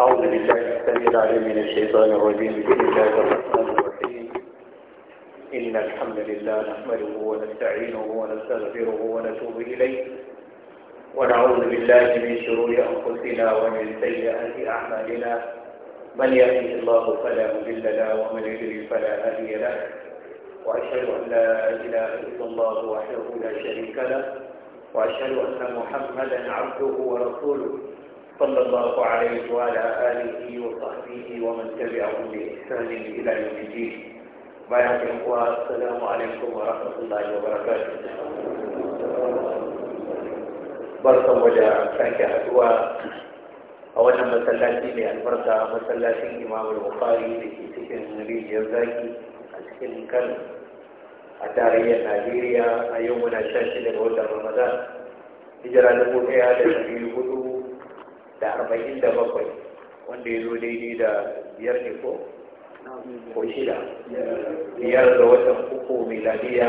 أعوذ بالله السميع العليم من الشيطان الرجيم بسم الله الرحمن الرحيم إن الحمد لله نحمده ونستعينه ونستغفره ونتوب إليه ونعوذ بالله من شرور أنفسنا ومن سيئات أعمالنا من يهده الله فلا مضل له ومن يضلل فلا هادي له وأشهد أن لا إله إلا الله وحده لا شريك له وأشهد أن محمدا عبده ورسوله صلى الله عليه وعلى آله وصحبه ومن تبعهم بإحسان إلى يوم الدين بارك الله السلام عليكم ورحمة الله وبركاته barkan wajen sake haduwa a wannan masallaci mai albarka masallacin imamul bukhari da ke cikin rijiyar zaki a cikin Kan a tarayyar najeriya a yau muna sha shida watan ramadan hijira dubu ɗaya da ɗari da arba'in da bakwai wanda ya zo daidai da biyar ne ko ko shida biyar da watan uku miladiya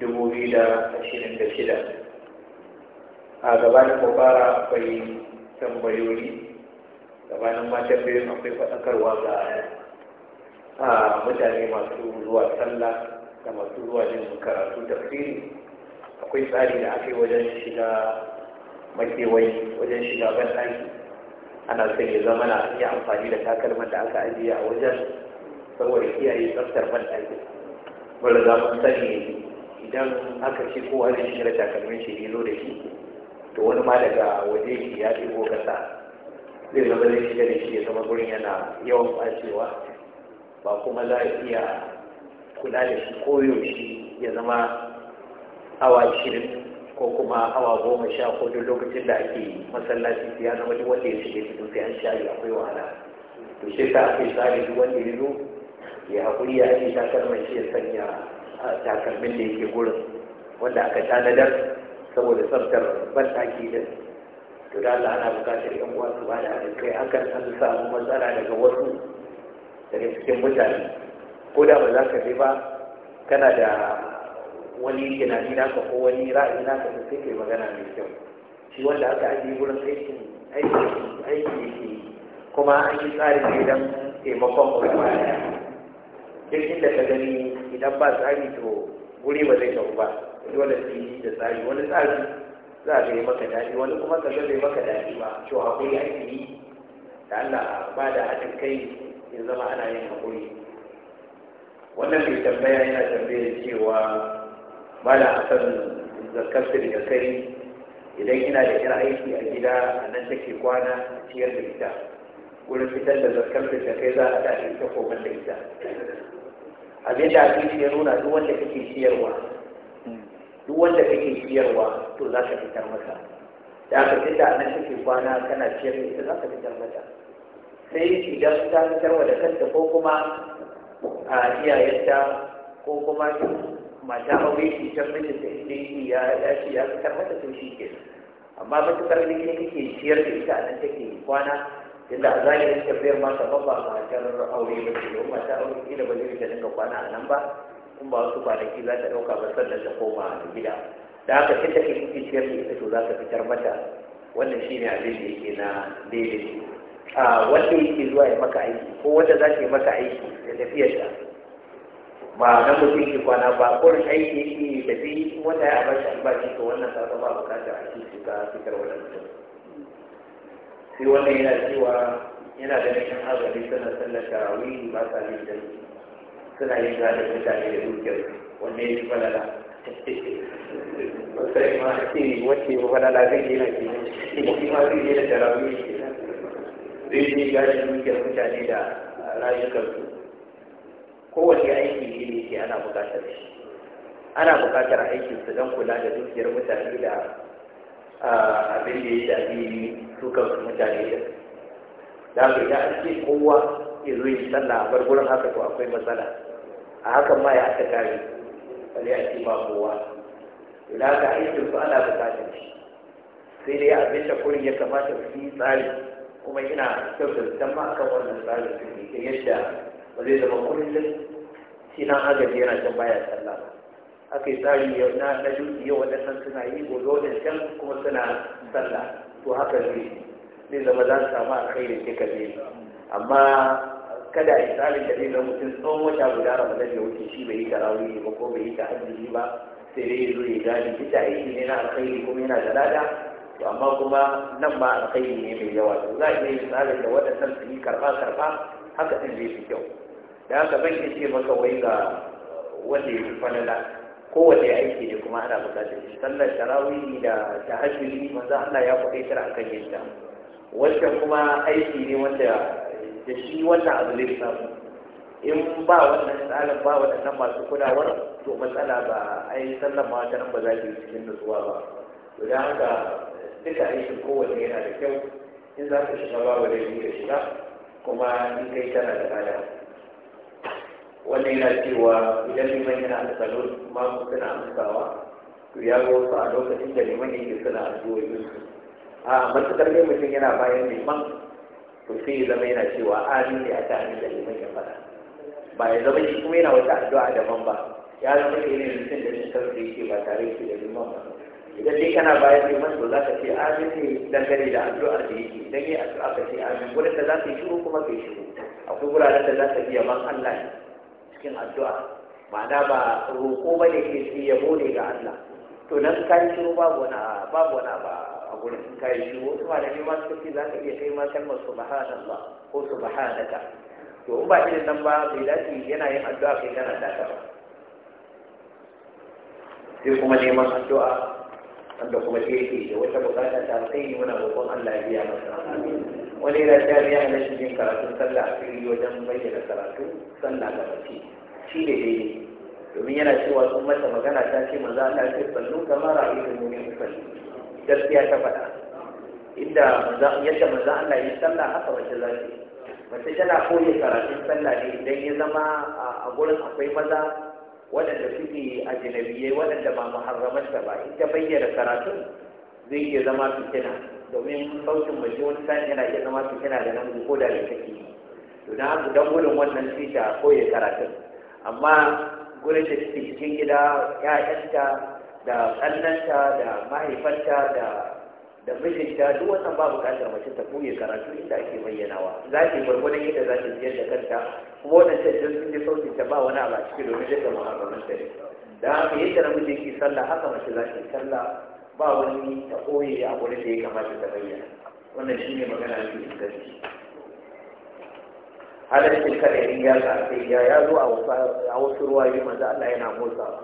dubu biyu da ashirin da shida a gabanin mubara akwai tambayoyi gabanin matan biyu akwai faɗakarwa ga a mutane masu zuwa sallah da masu zuwa jin karatu da akwai tsari da aka yi wajen shiga makewai wajen shiga banɗaki? ɗaki ana son ya zama na iya amfani da takalman da aka ajiye a wajen saboda kiyaye tsaftar ban ɗaki wanda za mu sani idan aka ce kowa zai shiga da takalmin shi ne zo da shi to wani ma daga waje shi ya ɗigo kasa zai zama zai shiga da shi ya zama gurin yana yawan ɓacewa ba kuma za a iya kula da shi koyaushe ya zama awa shirin ko kuma awa goma sha ko lokacin da ake masallaci ya zama duk wanda ya shige cikin sai an shayi akwai wahala to shi ta ake tsari duk wanda ya zo ya haƙuri ya ake takalman shi ya sanya takalmin da yake gurin wanda aka tanadar saboda tsaftar banɗaki din to da Allah ana buƙatar yan uwa su bada da kai akan an samu matsala daga wasu daga cikin mutane ko da ba za ka je ba kana da wani tunani naka ko wani ra'ayi naka ko sai kai magana mai kyau shi wanda aka ajiye wurin aikin aiki aiki kuma an yi tsarin ne don taimakon mu gaba duk inda ka gani idan ba tsari to wuri ba zai kawo ba dole su yi da tsari wani tsari za a gani maka daɗi wani kuma ka ga maka daɗi ba to haƙuri ake yi da Allah ba da haɗin kai ya zama ana yin haƙuri wannan mai tambaya yana tambayar cewa ba da hasan zarkar su daga kai idan ina da yar aiki a gida a nan take kwana a ciyar da ita wurin fitar da zarkar su daga kai za a da ita ko ban da ita abin da abin ya nuna duk wanda kake ciyarwa duk wanda kake ciyarwa to za ka fitar masa da aka fita a nan take kwana kana ciyar da ita za ka fitar mata sai idan ta fitarwa da kanta ko kuma a iyayenta ko kuma mata aure shi can mace da inda yi ya ya shi ya fitar mata to shi ke amma matuƙar da ke kake ciyar da ita a nan take kwana yadda a zahirin tafiyar ma ta ba matar aure ba ce don mata aure kila ba zai dinga kwana a nan ba kuma ba wasu kwanaki za ta ɗauka ba sannan ta koma gida da haka ke take kake ciyar da ita to za ka fitar mata wannan shi ne abin da yake na daidai a wanda yake zuwa ya maka aiki ko wanda za ta yi maka aiki da tafiyarsa ba na mutum ke kwana ba kurin aiki shi da fi wanda ya shi albashi to wannan ka ba bukatar a ci su ka fitar wannan mutum sai wannan yana cewa yana da nishin azali suna sallar tarawih ba sa yin dan suna yin zaɗin mutane da dukiyar wanda ya fi falala sai ma ce wacce ya falala zai yi na ke shi ma zai yi da tarawih ke nan zai yi gashin dukiyar mutane da rayukansu kowace aiki ne ne ke ana buƙatar shi ana bukatar aiki su don kula da dukiyar mutane da abin da ya shafi su mutane da da haka idan ake kowa ya zo yi sallah a bar gurin haka to akwai matsala a hakan ma ya aka kare wani a ce kowa da haka aikin su ana buƙatar shi sai dai abin da kurin ya kamata su yi tsari kuma ina kyautar ma akan wannan tsarin su ne yadda ba zai zama kullum shi na agaji yana can baya sallah aka yi tsari yau na na duki yau waɗannan suna yi gobe can kuma suna sallah to haka zai zai zama za su samu alkhairi da ke kaje amma kada a yi tsarin da zai zama mutum tsawon wata guda ramadan da wuce shi bai yi tarawih ba ko bai yi ta tahajjudi ba sai dai zo ya gani duk da aiki ne na alkhairi kuma yana da lada to amma kuma nan ba alkhairi ne mai yawa to za a iya yin tsarin da waɗannan su yi karɓa karɓa haka ɗin zai fi kyau da haka ban iya ce maka wai ga wanda ya fi falala kowane aiki ne kuma ana bukatar shi sallar tarawih da ta tahajjudi manzo Allah ya faɗi tara akan yadda. Wancan kuma aiki ne wanda da shi wannan abu ne samu in ba wannan tsarin ba waɗannan masu kulawar to matsala ba a yi sallan ma nan ba za ki cikin nutsuwa ba to da haka duka aikin kowanne yana da kyau in za ka shiga babu da shiga kuma in kai tana da lada wannan yana cewa idan liman yana da salon ma suna amsawa to ya ga wasu a lokacin da liman yake suna addu'o'i a masu ne mutum yana bayan liman to sai ya zama yana cewa amin ne aka amin da liman ya fara. ba ya zama shi kuma yana wata addu'a daban ba ya zama irin mutum da shi da yake ba tare da liman ba idan dai kana bayan liman to za ka ce amin ne dangane da addu'ar da yake idan yi addu'a ka ce amin wurin da za ka yi shiru kuma ka yi shiru akwai wuraren da za ka biya man Allah ne cikin addu'a ma'ana ba roƙo ba ne ke sai yabo ne ga Allah to nan ka yi shiru babu wani babu wani ba a gurin kai yi shiru wasu malami ma suka ce za ka iya kai ma kalmar subhanallah ko subhanaka to in ba irin nan ba bai dace yana yin addu'a kai kana da ba sai kuma neman addu'a wanda kuma ke ke da wata bukata ta sai ni muna roƙon Allah ya biya masa amin wani yana ta ya hana shi yin karatun sallah a fili wajen bayyana karatu sallah ga mace shi ne dai domin yana cewa sun mata magana ta ce maza ta ce sallu kamar a yi domin sallu gaskiya ta faɗa inda yadda maza ana yi sallah haka mace za ta mace tana koyi karatun sallah ne idan ya zama a gurin akwai maza waɗanda suke a jinabiyai waɗanda ba muharramanta ba in ta bayyana karatun zai iya zama fitina domin sautin mace wani sa'in yana iya zama su tana da namiji ko da da take to dan haka dan gudun wannan tita ko ya karatu amma gurin da take cikin gida ya'yanta da kallanta da mahaifanta da mijinta duk wannan ba buƙatar mace ta koye karatu inda ake bayyanawa za ta yi gwargwadon yadda za ta ziyar da kanta kuma wannan tattalin sun ji sautin ta ba wani abu a ciki domin duka muharraman ne da haka yadda namiji ke sallah haka mace za ta yi sallah ba wani ta koye a wurin da ya kamata ta bayyana wannan shi ne magana shi ne gaske halaccin kada ya sa sai ya ya zo a wasu ruwaye maza Allah yana motsa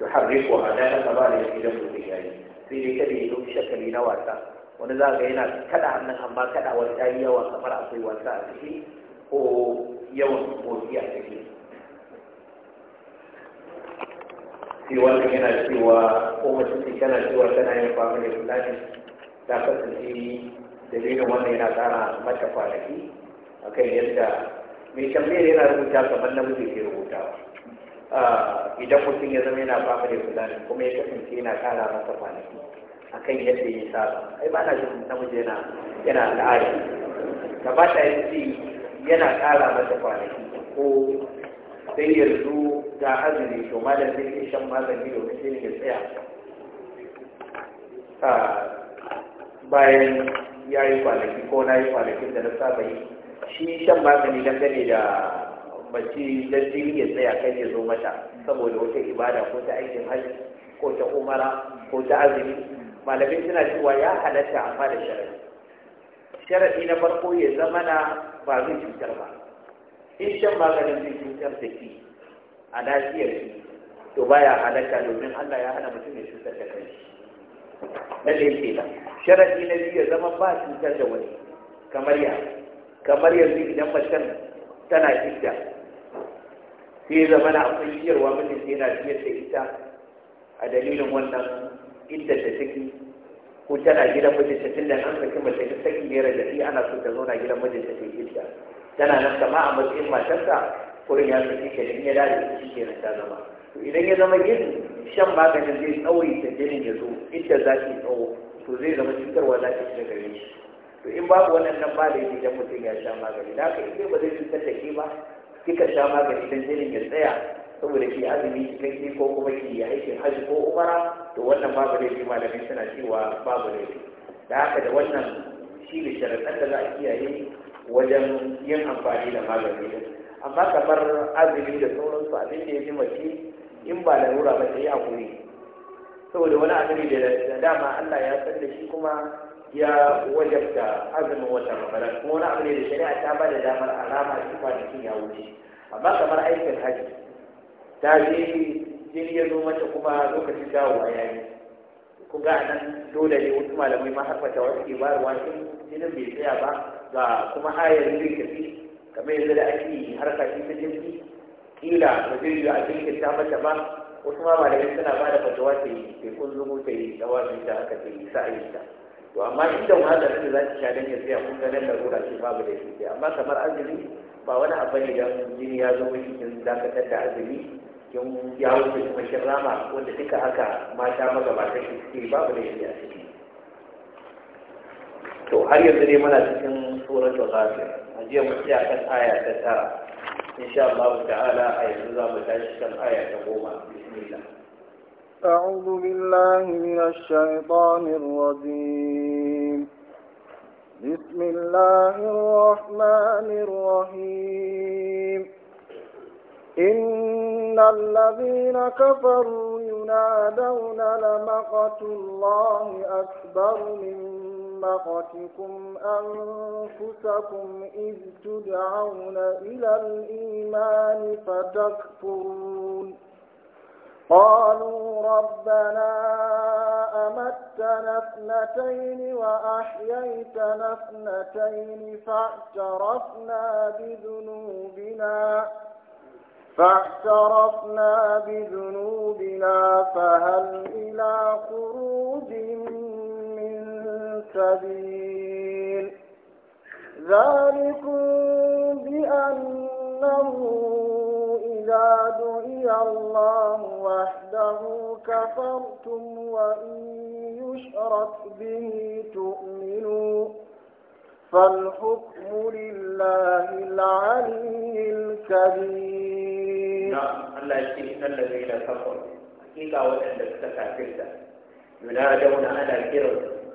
yuharriku hadana da ya idan mutum yayi sai dai kada ya dauki shakali na wasa wani za ga yana kada hannun amma kada wani yi yawa kamar akwai wasa a ciki ko yawan motsi a ciki sai wannan yana cewa ko mace ce tana cewa tana yin da planning ta kasance dalilin wannan yana tsara mata kwanaki kan yadda mai tambayar yana rubuta kamar mutum ke rubuta. idan mutum ya zama yana da planning kuma ya kasance yana tsara mata kwanaki kan yadda ya saba ai ba na jin mutum yana yana al'ada ba ta yi yana tsara mata kwanaki ko sai yanzu ga azumi to malam zai iya shan magani domin sai ya tsaya bayan ya yi kwanaki ko na yi kwanakin da na saba yi shi shan magani dangane da mace da jini ya tsaya kan ya zo mata saboda wata ibada ko ta aikin hajji ko ta umara ko ta azumi malamin suna cewa ya halatta amma da sharaɗi sharaɗi na farko ya zama na ba zai cutar ba in shan maganin zai cutar da shi a lafiyar shi to baya halaka domin Allah ya hana mutum ya cutar da kai na da yake da sharadi na biyu ya zama ba cutar da wani kamar ya kamar yanzu idan macen tana idda sai zama na akwai ciyarwa mutum sai yana biyar da ita a dalilin wannan inda ta ciki, ko tana gidan mijinta tun da an saki mace ta saki ne da ana so ta zauna gidan mijinta ta idda tana nan sama a matsayin matarsa kurin ya saki ke in ya dace shi ke ta zama to idan ya zama yin shan maganin zai tsawai da jinin ya zo inda za ki tsawo to zai zama cutarwa za ki shiga gare shi to in babu wannan nan ba da yake idan mutum ya sha magani da haka ke ba zai cutar da ke ba kika sha magani don jinin ya tsaya saboda ke azumi cikakke ko kuma ke yi aikin hajji ko umara to wannan babu laifi malamai suna cewa babu laifi da haka da wannan shi ne sharaɗan da za a kiyaye wajen yin amfani da magani din amma kamar azumi da sauransu abin da ya fi mace in ba larura ba ta yi kuri. saboda wani azumi da dama Allah ya san da shi kuma ya wajabta azumin wata Ramadan kuma wani abu ne da shari'a ta ba da damar alama shi kwanakin ya wuce amma kamar aikin haji ta je jini ya zo mata kuma lokacin dawowa ya yi ku ga nan dole ne wasu malamai ma har fata wasu ke bayarwa jinin bai tsaya ba ba kuma hayar zai tafi kamar yadda da ake har kashi ta jirgi kila ba zai yi a cikin mata ba wasu ma ba da yin suna ba da fatawa ta yi sai kun zubo ta yi tsawon da aka ta yi sa'ayi ta to amma inda ma da za ki sha dan ya kun ganin larura ce babu da shi amma kamar azumi ba wani abu ne dan jini ya zo miki kin dakatar da azumi kin ya wuce kuma shin rama wanda duka haka mata magabatan shi suke babu da shi a ciki to har yanzu dai muna cikin suratul ghafir ajiya mu tsaya kan aya ta tara insha Allah ta'ala a yanzu za mu tashi kan aya ta goma bismillah a'udhu billahi minash shaitanir rajim بسم الله الرحمن الرحيم إن الذين كفروا ينادون لمقت الله أكبر من مقتكم أنفسكم إذ تدعون إلى الإيمان فتكفرون قالوا ربنا أمتنا اثنتين وأحييتنا اثنتين فاعترفنا بذنوبنا فاعترفنا بذنوبنا فهل إلى خروج السبيل ذلكم بأنه إذا دعي الله وحده كفرتم وإن يشرك به تؤمنوا فالحكم لله العلي الكبير نعم الله يشتري الذين كفروا إلا وإن استكافرت ينادون على الكرم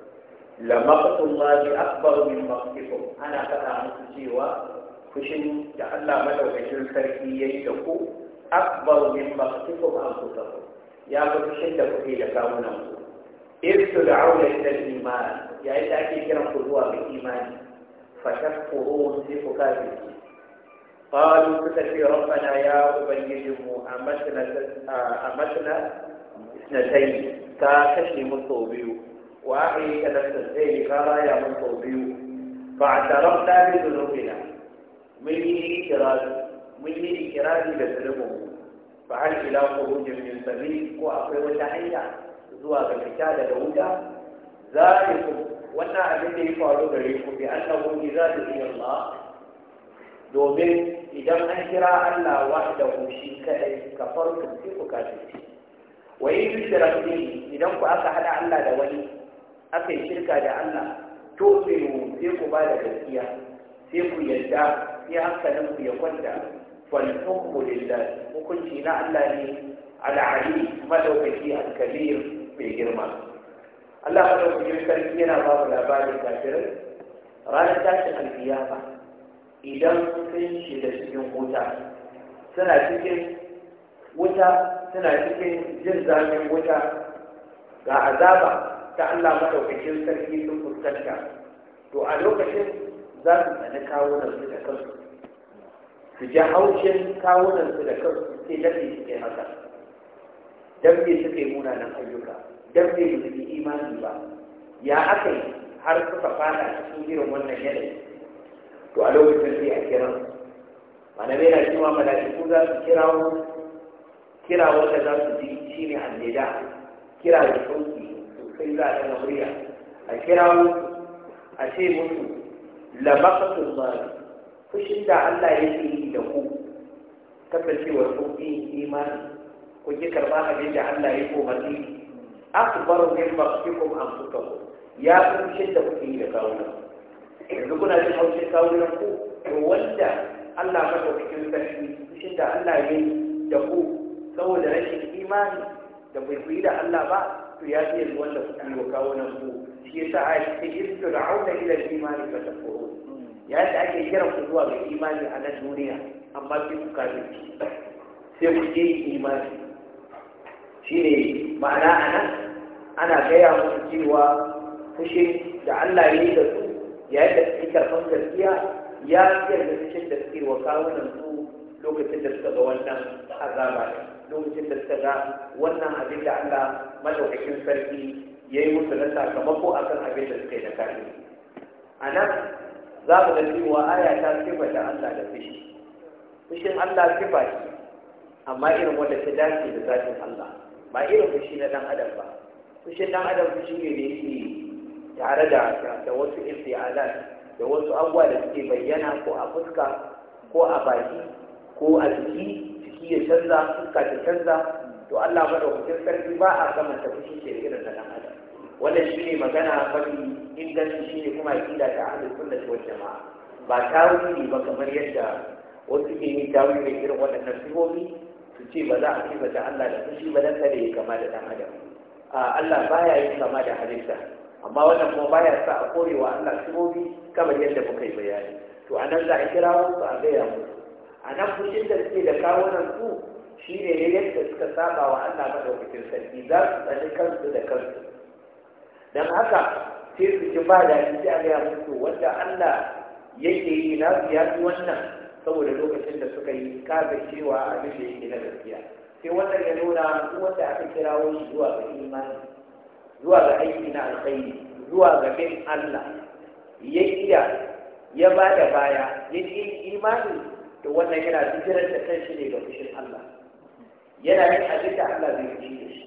lamaqtul lahi akbar min maqtikum ana faɗa musu cewa fushin da Allah madaukakin sarki ya yi da ku akbar min maqtikum an kusaku ya fi fushin da kuke da kawunan ku irsu da aure ila iman yayin da ake kiran ku zuwa ga imani fatakfurun sai ku ya قالوا تتفي a يا أبنجم أمتنا أمتنا اثنتين كاكشي مصوبيو وأعي قال يا من بيو فاعترفنا بذنوبنا من إكرار من إكرار بذنوبه فهل إلى خروج من سبيل وأقوى تحية زوا كالكتابة دودا ذلكم وانا أبدا يفعلوا ذلك بأنه إذا دعي الله domin idan an kira Allah wahdahu shi kadai kafarku sai ku kafirci wa in shirku idan ku aka hada Allah da wani aka yi shirka da Allah to sai sai ku ba da gaskiya sai ku yarda sai hankalin ku ya kwanta fal hukmu lillah hukunci na Allah ne al-ali madaukaki al-kabir mai girma Allah madaukakin sarki yana ba mu labarin kafirin ranar tashin alkiyama idan sun shiga cikin wuta suna cikin wuta suna cikin jin zafin wuta ga azaba ta Allah madaukakin sarki sun fuskanta to a lokacin za su tsani kawunansu da kansu su ji haushin kawunansu da kansu sai su ke haka dafi suke munanan ayyuka dafi ba su imani ba ya aka yi har suka fada cikin irin wannan yanayi to a lokacin sai a kira mana bai na cewa mala'iku za su kirawo kira wanda za su ji shi shine annida kira da sauki sai za a ɗaga murya a kira musu a ce musu lamakatun mali fushin da Allah ya ke yi da ku kasancewar ku yi imani ku ki karɓa abin da Allah ya ne komarni akbaru min maqsikum ku ya fi fushin da kuke yi da kawunan yanzu kuna jin haushin kawunan ku to wanda Allah madaukakin sarki fushin da Allah ya yi da ku saboda rashin imani da bai da Allah ba to ya ce wanda suka yi wa kawo ku shi yasa a cikin yadda da auna ila imani ba ta koro ya ce ake kira ku zuwa ga imani a nan duniya amma sai ku kaji sai ku je yi imani shi ne ma'ana a ana gaya musu cewa fushin da Allah ya yi da su ya yi da su karfan gaskiya ya fiye da fushin da suke wa kawo nan lokacin da suka ga wannan azaba lokacin da suka ga wannan abin da Allah madaukakin sarki ya yi musu na sakamako akan abin da suka yi na kare a nan za mu ga cewa aya ta sifa da Allah da fushi fushin Allah sifa ce amma irin wanda ta dace da zafin Allah ba irin fushi na dan adam ba fushin ɗan adam fushi ne da yake tare da da wasu isti'alat da wasu abubuwa da suke bayyana ko a fuska ko a baki ko a jiki shi ya canza fuska ta canza to Allah madaukakin sarki ba a gama ta fushi ke irin da nan adam wannan shi ne magana mafi inganci ne kuma aqida ta ahlus sunnah wal jamaa ba tawili ba kamar yadda wasu ke yi tawili da irin waɗannan sihohi su ce ba za a ce ta Allah da fushi ba dan kada ya kama da nan adam Allah ba ya yi kama da halitta amma wannan kuma ba ya sa a korewa Allah sihohi kamar yadda muka yi bayani to anan za a kira wasu a gaya musu a nan fushin da suke da kawunan su shi ne yadda suka saba wa Allah madaukakin sarki za su tsani kansu da kansu don haka sai su ci ba da shi a gaya musu wanda Allah yake yi na su ya wannan saboda lokacin da suka yi kaga cewa abin da yake na gaskiya sai wannan ya nuna su wanda aka kira shi zuwa ga imani zuwa ga aiki na alkhairi zuwa ga bin Allah ya iya ya ba da baya ya imani to wannan yana bijirar da kan shi ne ga fushin Allah yana yin abin da Allah zai fushi da shi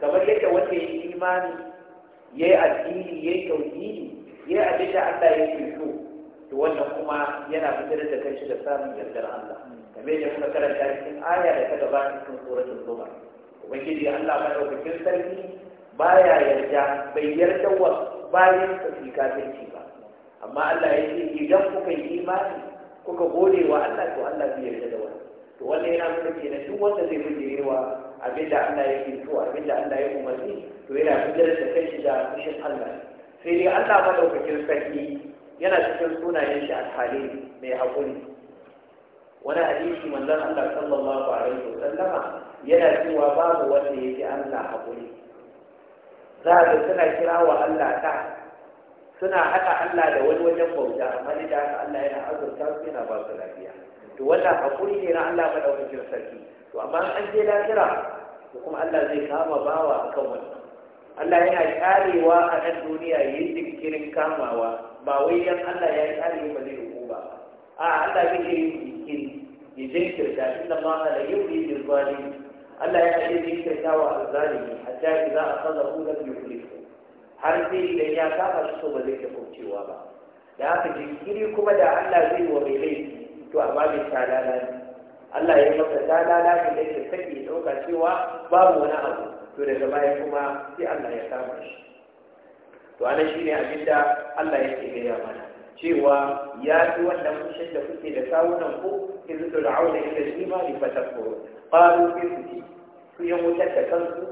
kamar yadda wanda ya yi imani ya yi addini ya yi tauhidi ya yi abin da Allah ya yi so to wannan kuma yana bijirar da kan shi da samun yardar Allah kamar yadda muka karanta cikin aya da ta gabata cikin suratul zumar ubangiji Allah madaukakin sarki baya yarda bai yarda wa bayan sa fi kafirci ba amma Allah ya ce idan kuka yi imani kuka gode wa Allah to Allah zai yarda da wani to wanda yana nuna kenan duk wanda zai bijire wa abinda Allah yake so abinda Allah ya umarni to yana bijirar da kai da fushin Allah sai dai Allah madaukakin sarki yana cikin sunayen shi alhali mai haƙuri wani hadisi manzon Allah sallallahu alaihi wasallama yana cewa babu wanda yake Allah haƙuri za a suna kira wa Allah ta suna haɗa Allah da wani wajen bauta amma ne da haka Allah yana azurta su yana ba su lafiya to wannan hakuri ne na Allah madaukakin sarki to amma an je lafira to kuma Allah zai kama bawa a kan wannan Allah yana karewa a nan duniya yin dinkirin kamawa ba wai 'yan Allah ya yi kare ba zai rubu ba a Allah zai yi dinkiri ya jinkirta inda ma la yuri bil zalim Allah ya yi jinkirta wa al zalimi hatta idza akhadahu lam yuflihu har zai idan ya saba su so ba zai ta kaucewa ba da haka jinkiri kuma da Allah zai wa mai laifi to amma bai ta ne Allah ya masa ta ne da ya sake ɗauka cewa babu wani abu to daga baya kuma sai Allah ya kama shi to shi shine abinda Allah ke gaya mana cewa ya fi wannan mushin da kuke da kawunan ku in zuwa da'auna ila imani fa takfuru qalu fi su yan wutar da kansu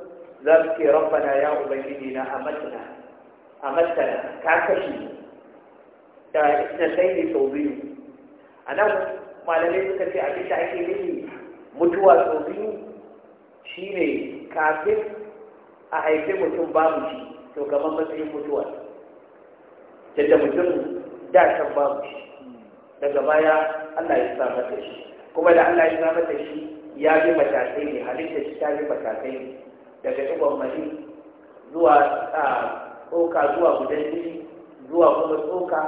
za su ce rabbana ya ubangiji na amatna a matsala ka kashe da na ne sau biyu a nan malamai suka ce abin da ake nufi mutuwa sau biyu shi ne kafin a haifi mutum babu shi to kamar matsayin mutuwa yadda mutum da can babu shi daga baya Allah ya samar da shi kuma da Allah ya samar da shi ya bi matakai ne halittar shi ta bi matakai daga ɗigon mali zuwa ah, tsoka zuwa gudan jini zuwa kuma tsoka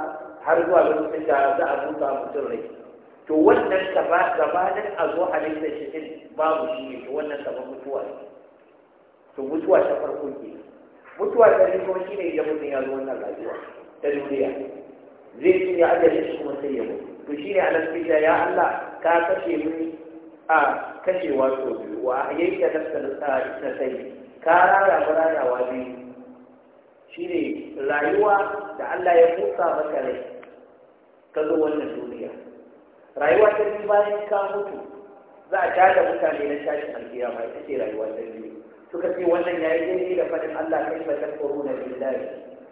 har zuwa lokacin da za a duka mutum rai to wannan gabanin a zo halittar shi din babu shi ne to wannan gaba mutuwa ne to mutuwa ta farko ke mutuwa ta ne shi ne idan mutum ya zo wannan rayuwa ta duniya zai ci ya ajiye shi kuma sai ya mutu to shi ne a nan ya Allah ka kashe mu a kashewa sau biyu wa yayin da nafsa na sai ka rara wa biyu shine rayuwa da Allah ya mutsa maka rai ka zo wannan duniya rayuwa ta biyu bayan ka mutu za a tada mutane na tashin alkiyama ita ce rayuwa ta biyu suka ce wannan yayi daidai da faɗin Allah kai ba ta koruna billahi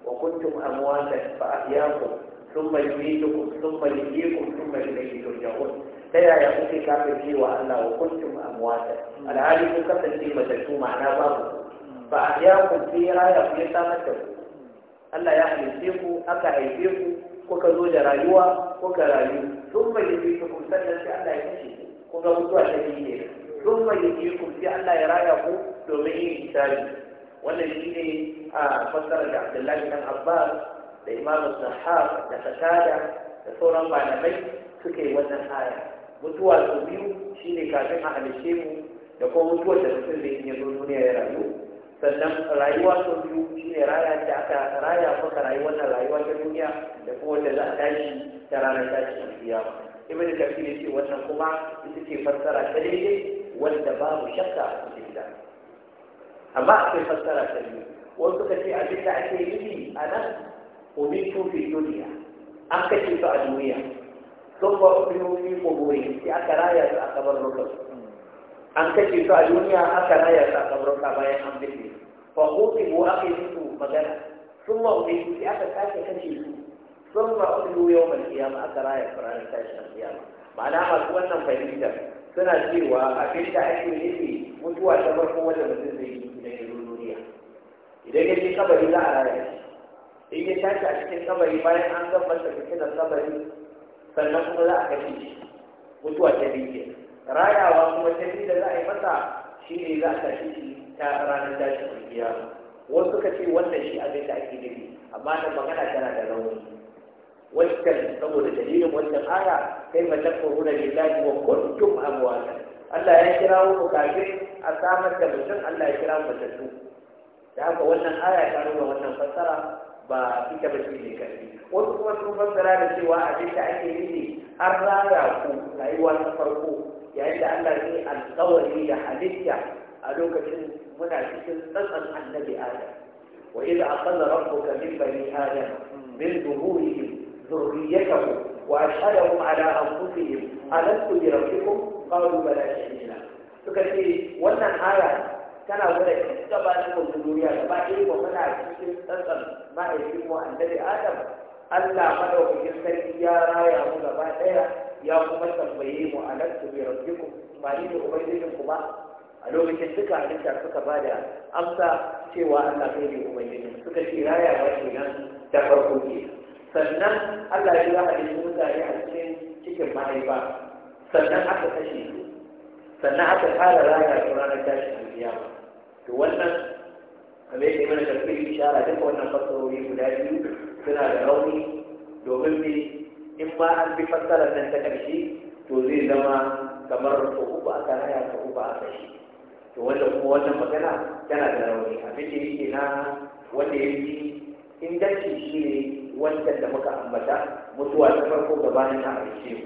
wa kuntum amwatan fa ahyaku thumma yumeetukum thumma yuhyikum thumma ilayhi turja'un ta yaya kuke kafin cewa Allah wa kuntum amwatan alhali kun kasance matattu ma'ana babu ba a ya ku sai ya raya ku ya samar da ku Allah ya halitte ku aka haife ku ko ka zo da rayuwa ko ka rayu sun mai yi ku kun sannan sai Allah ya kashe ku ga mutuwa ta yi ne sun mai yi ku sai Allah ya raya ku domin yin hisabi wannan shi ne a fassara da Abdullahi dan Abbas da Imam Sahab da Qatada da sauran malamai suka yi wannan aya mutuwa su biyu shine kafin a halishe mu da kuma mutuwar da mutum da ya yanzu duniya ya rayu sannan rayuwa ta biyu shi ne raya ta aka raya maka rayuwar na rayuwa ta duniya da kuma wanda za a tashi ta ranar tashi kiyama ibn kafir ce wannan kuma ita ce fassara ta daidai wanda babu shakka a cikin ta amma akwai fassara ta biyu wasu suka ce abin da ake nufi a nan umitu tufi duniya an kashe su a duniya sun ba umitu fi kuburi sai aka raya su a kabar rukun an kashe su a duniya aka raya su a kabar bayan an bisne فقوتلوا أخذوا مجانا ثم أخذوا في أحد أخذ كشيسوا ثم أخذوا يوم القيامة أكرا يفران تاشن القيامة معنى ما سوانا فهمتا سنة سيوا أكيد تأكل نفي متوى شبر قوة مزيزي إلى الدنيا إذا يجي قبل إلا على رأيش إذا ya tashi a cikin kabari bayan an gama tafiye da kabari sannan kuma za a kashe shi mutuwa ta biyu rayawa kuma ta biyu da za a ta ranar tashi kulkiya wasu suka ce wannan shi abin da ake nufi amma da magana tana da rauni wancan saboda dalilin wancan aya kai matakkuruna lillahi wa kuntum amwatan Allah ya kira ku kafin a samar da mutum Allah ya kira matattu da haka wannan aya ta nuna wannan fassara ba ita ba ce ne karfi wasu kuma sun fassara da cewa abin da ake nufi har rara ku rayuwa ta farko yayin da Allah zai alƙawari da halitta a lokacin muna cikin tsatsan annabi Adam wa idza aqalla rabbuka min bani Adam min dhuhurihim dhurriyyatahum wa ashhadahum ala anfusihim alastu bi rabbikum qalu bala shahidina suka ce wannan aya tana gwada duk gabanin mu duniya ba irin mu muna cikin tsatsan ma'aikin annabi Adam Allah madaukakin sarki ya raya mu gaba daya ya kuma tambaye mu alastu bi rabbikum ba ni da ubangijinku ba a lokacin duka halitta suka ba da amsa cewa Allah kai ne ubangiji suka ce raya ba ke nan da farko ke sannan Allah ya da a yi mutane a cikin cikin mahaifa sannan aka kashe su sannan aka fara raya su ranar tashin duniya to wannan kamar da mana tafiyar shara duka wannan fasarori guda biyu suna da rauni domin ne in ba an bi fassarar nan ta ƙarshe to zai zama kamar ko uku aka raya ta uku aka shi to wanda kuma wannan magana tana da rauni abin da yake na wanda ya fi inganci shi ne wanda da muka ambata mutuwa ta farko gabanin na aiki mu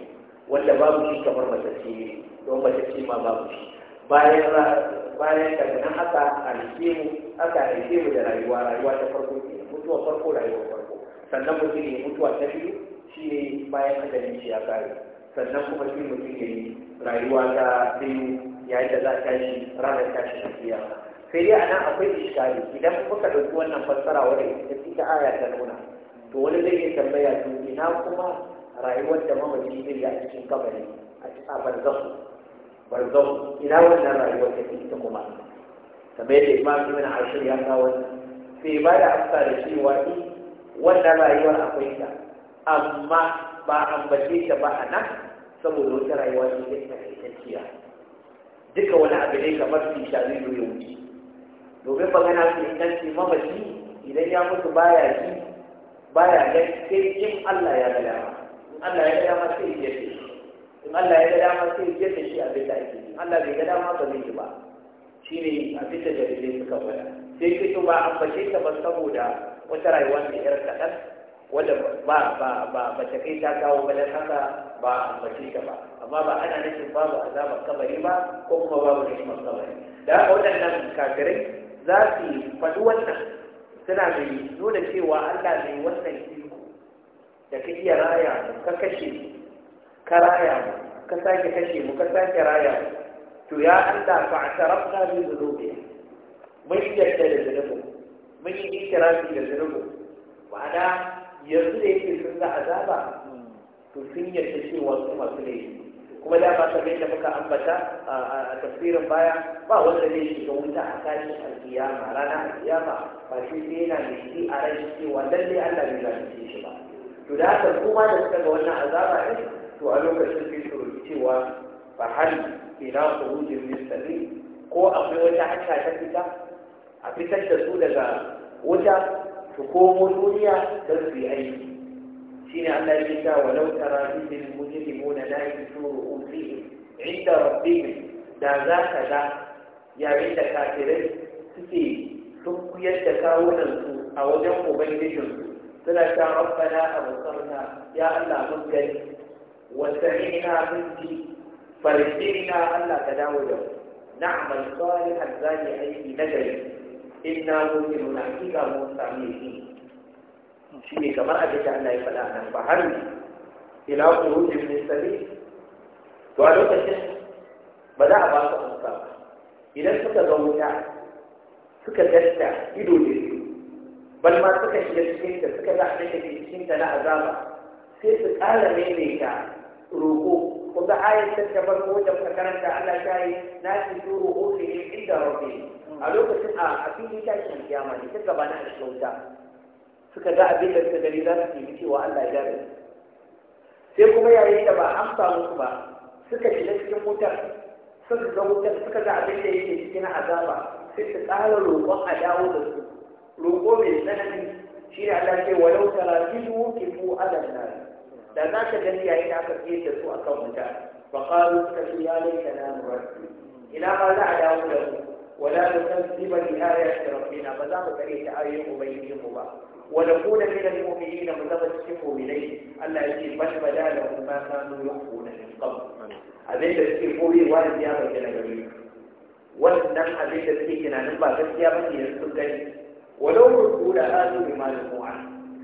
wanda babu shi kamar matacce don matacce ma babu shi bayan bayan daga nan aka aiki mu aka aiki mu da rayuwa rayuwa ta farko ke mutuwa farko rayuwa farko sannan mutum ne mutuwa ta biyu shi ne bayan adalin shi ya kare sannan kuma shi mutum ya yi rayuwa ta biyu yayin da za ta tashi ranar tashi ta kiyama sai dai anan akwai iskari idan muka ɗauki wannan fassara wadda ita ta aya ta nuna to wani zai iya tambaya to ina kuma rayuwar da mamaci zai yi a cikin kabari a barzahu barzahu ina wannan rayuwar ta ke ita kuma kamar yadda imam ibn ashir ya kawo sai ba da amsa da cewa eh, wannan rayuwar akwai ta amma ba an bace ta ba a nan saboda wata rayuwa ce ta takaitacciya duka wani abu ne kamar su shari'a da yauci domin ba gana su ce mamaci idan ya mutu baya ji baya ga sai in Allah ya ga dama in Allah ya ga dama sai ya ce in Allah ya ga dama sai ya ce shi abin da ake yi Allah bai ga dama ba zai yi ba shine abin da jarirai suka bada sai fito ba ambace ta ba saboda wata rayuwa ne yar kaɗan wanda ba ba ba ba ta kai ta kawo ba dan haka ba ambace ta ba amma ba ana nufin babu azabar kabari ba ko kuma babu rahimar kabari da haka waɗannan kafirai za su faɗi wannan suna mai nuna cewa Allah mai wannan iko da ka iya raya mu ka kashe mu ka raya mu ka sake kashe mu ka sake raya mu to ya Allah fa atarafna bi dhulubi mun yadda da zunubin mun yi ikirafi da ba da yanzu da yake sun ga azaba to sun yarda cewa su masu laifi kuma da ba kamar da muka ambata a tafsirin baya ba wanda zai shiga wuta a tashin alkiyama rana alkiyama ba shi sai yana da shi a ran cewa lallai Allah bai zalunce shi ba to da haka kuma da suka ga wannan azaba ne, to a lokacin sai su rubuta cewa fa hal ila khurujin min ko akwai wata hanya ta fita a fitar da su daga wuta su komo duniya don su yi aiki shi ne Allah ya sa walau tara izin mujrimuna la yusuru usihim inda rabbihim da za ka ga yayin da kafirai suke sunkuyar da kawunan su a wajen ubangijin suna ta rabbana a musamman ya Allah mun gani wasami'na mun ji na Allah ka dawo da mu na'mal salihan zani aiki gari. inna na hakika mun sami yaqini shi ne kamar a da Allah ya faɗa a nan ba har ne ila qurujin min sabil to a lokacin ba za a ba su amsa ba idan suka ga wuta suka gasta ido da su bal ma suka shiga cikin ta suka ga abin da ke cikin ta na azaba sai su ƙara maimaita roƙo kun ga ayar ta farko wajen karanta Allah ta yi na fi turo ne inda rabbi a lokacin a filin tashin kiyama ne ta gaba na cikin wuta suka ga abin da suka gani za su yi cewa Allah ya gari sai kuma yayin da ba an samu su ba suka shiga cikin wutar suka ga wutar suka ga abin da yake cikin azaba sai su ƙara roƙon a dawo da su roƙo mai tsanani shi ne Allah ce walau talatin ku, Allah na? da za ka gani yayin da aka fiye da su kan mutar ba qalu suka ce ya laita na nuraddu ina ma za a dawo da su. ولا نكذب بآيات ربنا فذاك كريت آيات أبيهم ونكون من المؤمنين متمسكوا إليه أن يجيب لهم ما كانوا يخفون من قبل هذا الذي يقول والد يا من جنبي wannan abin da suke tunanin ba gaskiya ba ne yanzu gani walau rubu da hannu bi malin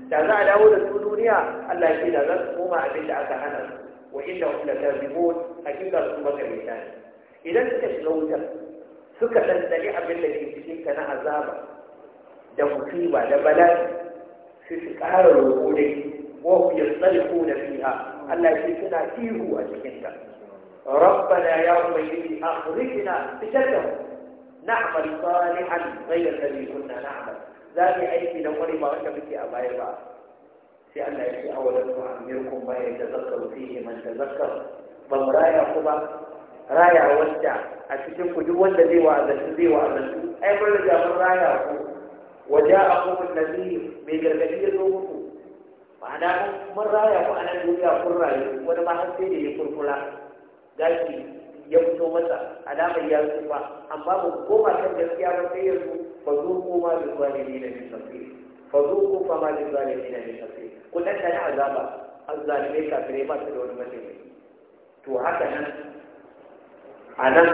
da za a dawo da su duniya Allah ya ce da koma abinda aka hana su wa inna su idan suka shiga suka dandali abin da ke cikin na azaba da musiba da bala'i sai su ƙara roƙo da shi wa ku yastalqu da fiha Allah shi suna ihu a cikin ta ربنا يوم يجي أخرجنا بشكل نعمل kunna غير الذي كنا نعمل ذلك أيدي لو ولي ما ركبت أبايا ba. sai Allah ya ce a wajen mu'amirkum ba ya tazakkar fihi man tazakkar ba mu raya ku ba raya wanda a cikin ku duk wanda zai wa azantu zai wa azantu ai mun riga mun raya ku waja kuma nabi mai gargadi ya zo muku ma'ana mun raya ku a nan duniya kun rayu wani ma har sai da ya kurkura gashi ya fito masa alamar ya tsufa amma ba koma kan gaskiya ba sai yanzu fa zo koma da zuwa ne ne min tafsir fa zo ko fa ma da zuwa ne ne min tafsir ku dan tana azaba azzalimai kafirai ba su da wani mutum to haka nan a nan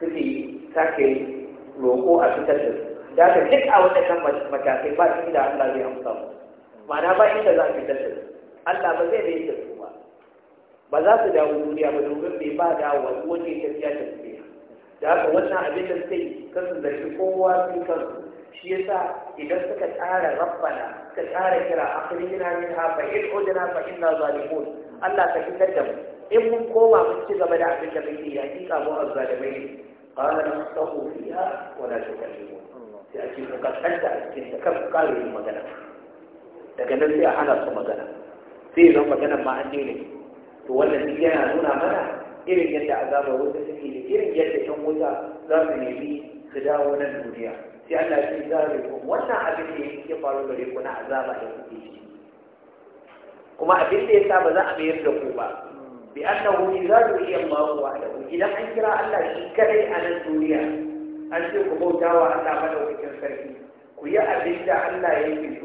suke sake roƙo a fitar da su da haka duk a waɗannan matakai ba da Allah zai amsa mu ma'ana ba inda za a fitar da su Allah ba zai bayyana su ba ba za su dawo duniya ba domin bai ba dawo wani ya tafiya da su da haka wannan abin da suke yi kansu da shi kowa su kansu shi ya sa idan suka tsara rabbana suka tsara kira yana yin fa in udna fa inna zalimun Allah ka fitar da mu in mun koma mun ci gaba da abin da muke yi hakika mu da ne qala nastahu fiha wa la tukallimu sai a ce ku kaskanta a cikin ta kan kare yin magana daga nan sai a hana su magana sai zan magana ma an ne to wannan duk yana nuna mana irin yadda azabar wuta suke da irin yadda ɗan wuta za su nemi su dawo nan duniya sai Allah ya ce zalikum wannan abin da yake faru gare ku na azaba da kuke ci kuma abin da ya sa ba za a mayar da ku ba بأنه إذا دعي الله وحده إذا أنكر الله شكري على الدنيا أنت تقبوا دعوة أن تعملوا بكفره كي أبدا أن لا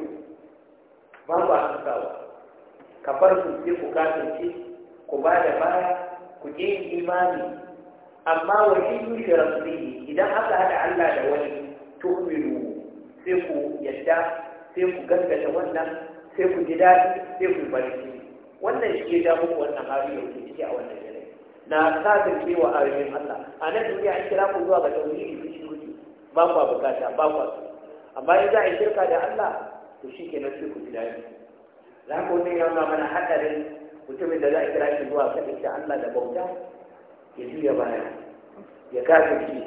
ما هو أنساوا كبرت في فكاتل شيء كبال بايا كجين إيماني أما وحيد شرطه إذا أسأل الله دولي تؤمنوا سيكو يشتاق sai ku gaskata wannan sai ku ji wannan shi ya ja wannan hali da ke ciki a wannan yanayi na ce wa arimin Allah a nan duniya an kira ku zuwa ga tauhidi ku shi kuke ba ku bukata ba ku amma in za a shirka da Allah to shi na sai ku ji daɗi za ku wannan ya nuna mana haɗarin mutumin da za a kira shi zuwa kaɗai ta Allah da bauta ya juya baya ya ce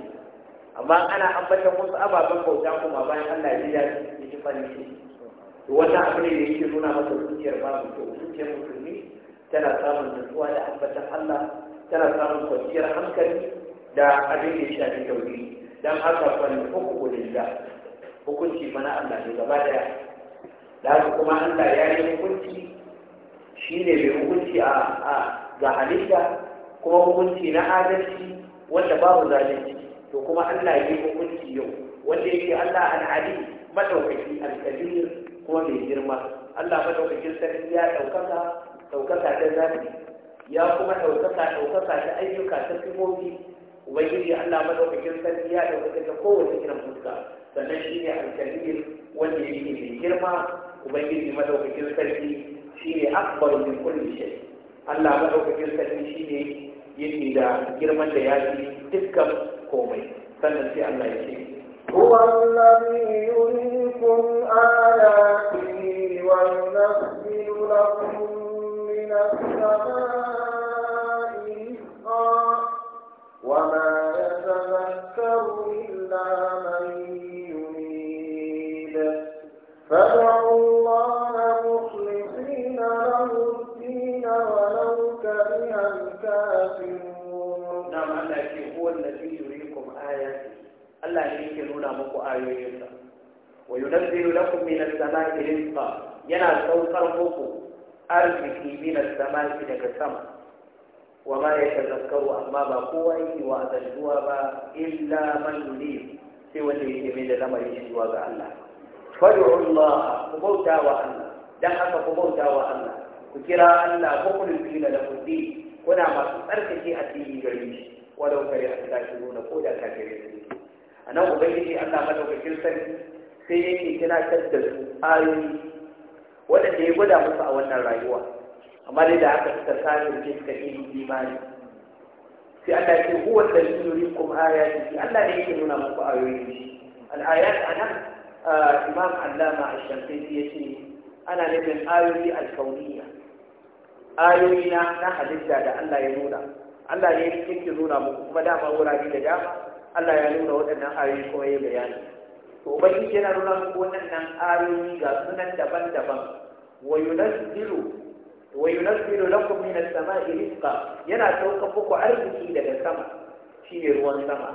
amma ana ambata musu ababen bauta kuma bayan Allah ya ji daɗi ya ji farin ciki wannan abu ne da yake nuna masa zuciyar babu kyau zuciyar musulmi tana samun nutsuwa da ambatan Allah tana samun kwanciyar hankali da abin da ya shafi tauri dan haka fal hukmu da hukunci mana Allah ne gaba daya da haka kuma Allah ya yi hukunci shi ne mai hukunci a ga halitta kuma hukunci na adalci wanda babu zalunci to kuma Allah ya yi hukunci yau wanda yake Allah al-Ali madaukaki al-kabir ko mai girma Allah madaukakin sarki ya ɗaukaka ɗaukaka ta zafi ya kuma ɗaukaka ɗaukaka ta ayyuka ta sifofi ubangiji Allah madaukakin sarki ya ɗaukaka ta kowace irin fuska sannan shi ne alkalil wanda yake mai girma ubangiji madaukakin sarki shi ne akbar min kulli shay Allah madaukakin sarki shi ne yake da girman da ya fi dukkan komai sannan sai Allah ya ce هو الذي يريكم آياته وينزل لكم من السماء رزقا وما Allah ne yake nuna muku ayoyinsa wa yunazzilu lakum min as-sama'i rizqa yana saukar muku arziki min as-sama'i daga sama wa ma yatazakkaru amma ba kowa yi wa zuwa ba illa man yunib sai wanda yake mai da lamarin yin zuwa ga Allah fad'u Allah ku bauta wa Allah dan haka ku bauta wa Allah ku kira Allah ko ku lilla da kudi kuna masu tsarkake addini gare shi walau kare a tsaka nuna ko da kafire su a nan ubangiji allah madaukakin sarki sai yake tunatar da su ayoyi waɗanda ya gwada musu a wannan rayuwa amma dai da haka suka sami da suka yi imani sai allah ce huwa da yurikum ayati allah ne yake nuna muku ayoyin shi al-ayat anan imam allama ash-shafi'i yace ana nufin ayoyi al ayoyi na na halitta da allah ya nuna Allah ne yake nuna muku kuma dama wurare da dama Allah ya nuna waɗannan ayoyi kuma ya bayani to ubangiji yana nuna muku waɗannan ayoyi ga sunan daban-daban wa yunazzilu wa yunazzilu lakum min as-sama'i rizqa yana sauka muku arziki daga sama shine ruwan sama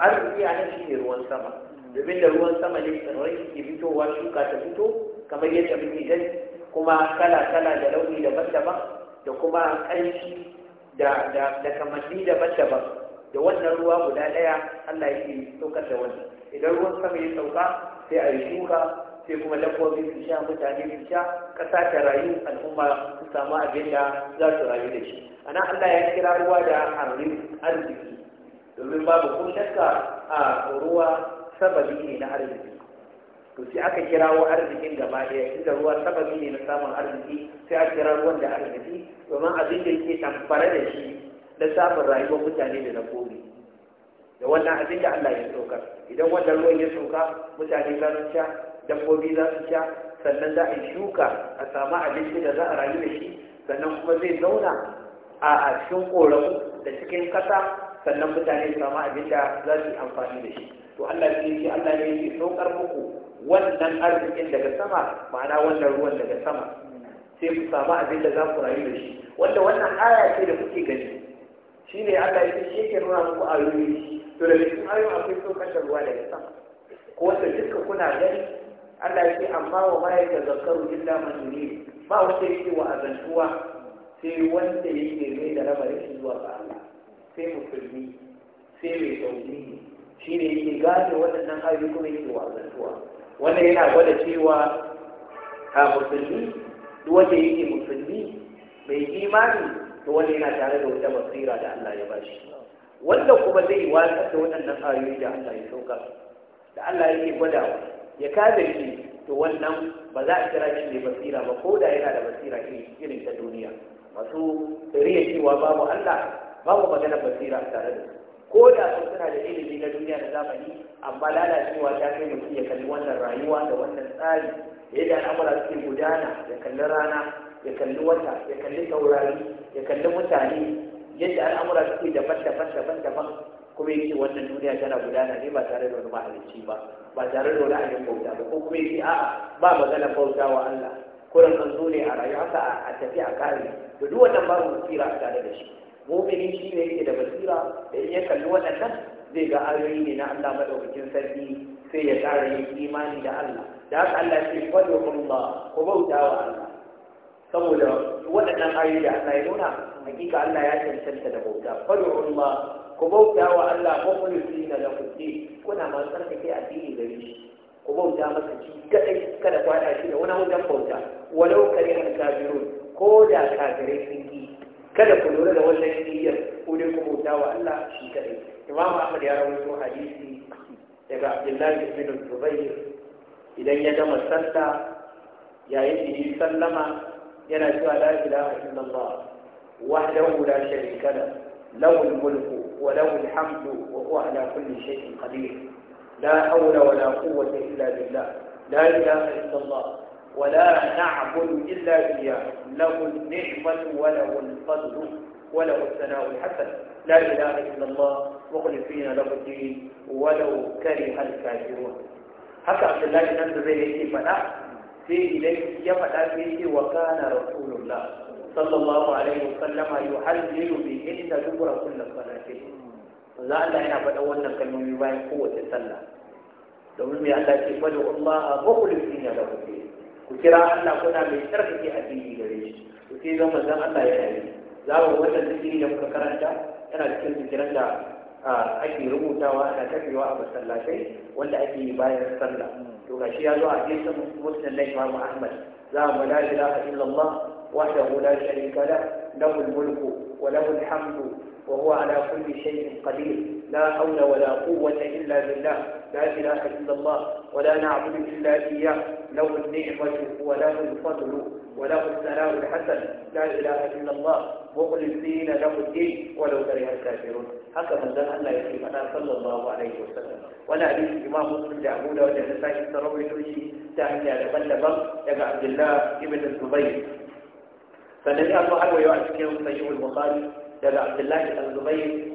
arziki a nan shine ruwan sama domin da ruwan sama ne tsirrai ke fitowa shuka ta fito kamar yadda muke gani kuma kala-kala da launi daban-daban da kuma ƙarfi da kamanni daban-daban da wannan ruwa guda ɗaya Allah yake saukar da wannan idan ruwan sama ya sauka sai a yi shuka sai kuma dabbobi su sha mutane su sha ƙasa ta rayu al'umma su samu abin da za su rayu da shi ana Allah ya kira ruwa da arziki domin babu kun shakka a ruwa sababi ne na arziki to sai aka kirawo arzikin gaba ɗaya inda ruwa sababi ne na samun arziki sai aka kira ruwan da arziki domin abin da yake tamfare da shi na samun rayuwar mutane da na da wannan abin da Allah ya saukar idan wannan ruwan ya sauka mutane za su sha dabbobi za su sha sannan za a shuka a samu abinci da za a rayu da shi sannan kuma zai zauna a cikin ƙoramu da cikin ƙasa sannan mutane su samu abin da za su yi amfani da shi to Allah ya ce Allah ne yake saukar muku wannan arzikin daga sama ma'ana wannan ruwan daga sama sai ku samu abin da za ku rayu da shi wanda wannan aya ce da kuke gani shi ne Allah ya ce yake nuna muku ayoyi to da cikin ayoyi akwai so kashe ruwa da yasa? ko wanda duka kuna gani Allah ya ce amma wa ma ya tazakkaru illa man ba wanda yake wa azantuwa sai wanda yake mai da raba shi zuwa ga Allah sai musulmi sai mai tauhidi shi ne yake gane waɗannan ayoyi kuma yake wa azantuwa wannan yana gwada cewa a musulmi duk wanda yake musulmi mai imani to wanda yana tare da wata basira da Allah ya bashi wanda kuma zai watsar da waɗannan ayoyi da Allah ya sauka da Allah yake gwada ya kada shi to wannan ba za a kira shi ne basira ba ko da yana da basira irin ta duniya masu tsariya cewa babu Allah babu maganar basira tare da su ko da sun suna da ilimi na duniya da zamani amma lalacewa ta kai mutum ya kalli wannan rayuwa da wannan tsari da yadda al'amura suke gudana da kalli rana ya kalli wata ya kalli taurari ya kalli mutane yadda al'amura suke daban daban daban daban kuma yake wannan duniya tana gudana ne ba tare da wani mahalicci ba ba tare da wani ayin bauta ba ko kuma yake a'a ba magana bauta wa Allah kuran an zo ne a rayu haka a tafi a kare to duk wannan babu basira a tare da shi mu'mini shi ne yake da basira da in ya kalli waɗannan zai ga ayoyi ne na Allah madaukakin sarki sai ya ƙara yin imani da Allah da haka Allah ce fadwa kuma ku bauta wa Allah saboda waɗannan ayoyi da Allah ya nuna hakika Allah ya cancanta da bauta fad'ullah ku bauta wa Allah mukhlisina lahu din kuna ma tsarkake addini da shi ku bauta masa shi kadai kada ku shi da wani wajen bauta walau kare al kafirun ko da sun ki kada ku lura da wannan niyyar ku dai ku bauta wa Allah shi kadai Imam Ahmad ya rawaito hadisi daga Abdullahi ibn Zubair idan ya gama sallah yayin da sallama yana cewa la ilaha illallah wahdahu la sharika lahu له الملك وله الحمد وهو على كل شيء قدير لا حول ولا قوة إلا بالله لا إله إلا الله ولا نعبد إلا إياه له النعمة وله الفضل وله الثناء الحسن لا إله إلا الله مخلصين له الدين ولو كره الكافرون حتى عبد الله بن زيد فلا sai idan ya faɗa sai ce wa kana rasulullah sallallahu alaihi wasallama yuhallilu bi inda dubura kullu salati za Allah yana faɗa wannan kalmomi bayan kowace sallah domin mai Allah ce fadu Allah ba ku lisina da ku ku kira Allah kuna mai tsarkake addini gare shi ku sai zama zan Allah yana yi za mu wannan zikiri da muka karanta yana cikin zikiran da ake rubutawa ana karewa a masallatai wanda ake yi bayan sallah to shi ya zo a hadisin muslim na imam ahmad za mu la ilaha illallah wahdahu la sharika la lahu al-mulku wa lahu al-hamdu wa huwa ala kulli shay'in qadir la hawla wa la quwwata illa billah la ilaha illallah wa la na'budu illa iyyah lahu an-ni'matu wa lahu al-fadlu وله الثناء الحسن لا إله إلا الله مخلصين له الدين ولو كره الكافرون هكذا مثلا الله يكرم أنا صلى الله عليه وسلم ولا حديث الإمام مسلم دعوله ولا نسائي تروي توشي تعني على من لبق يبع عبد الله ابن الزبير فالنبي الله عنه يعرف كيف سيئ البخاري يبع عبد الله بن الزبير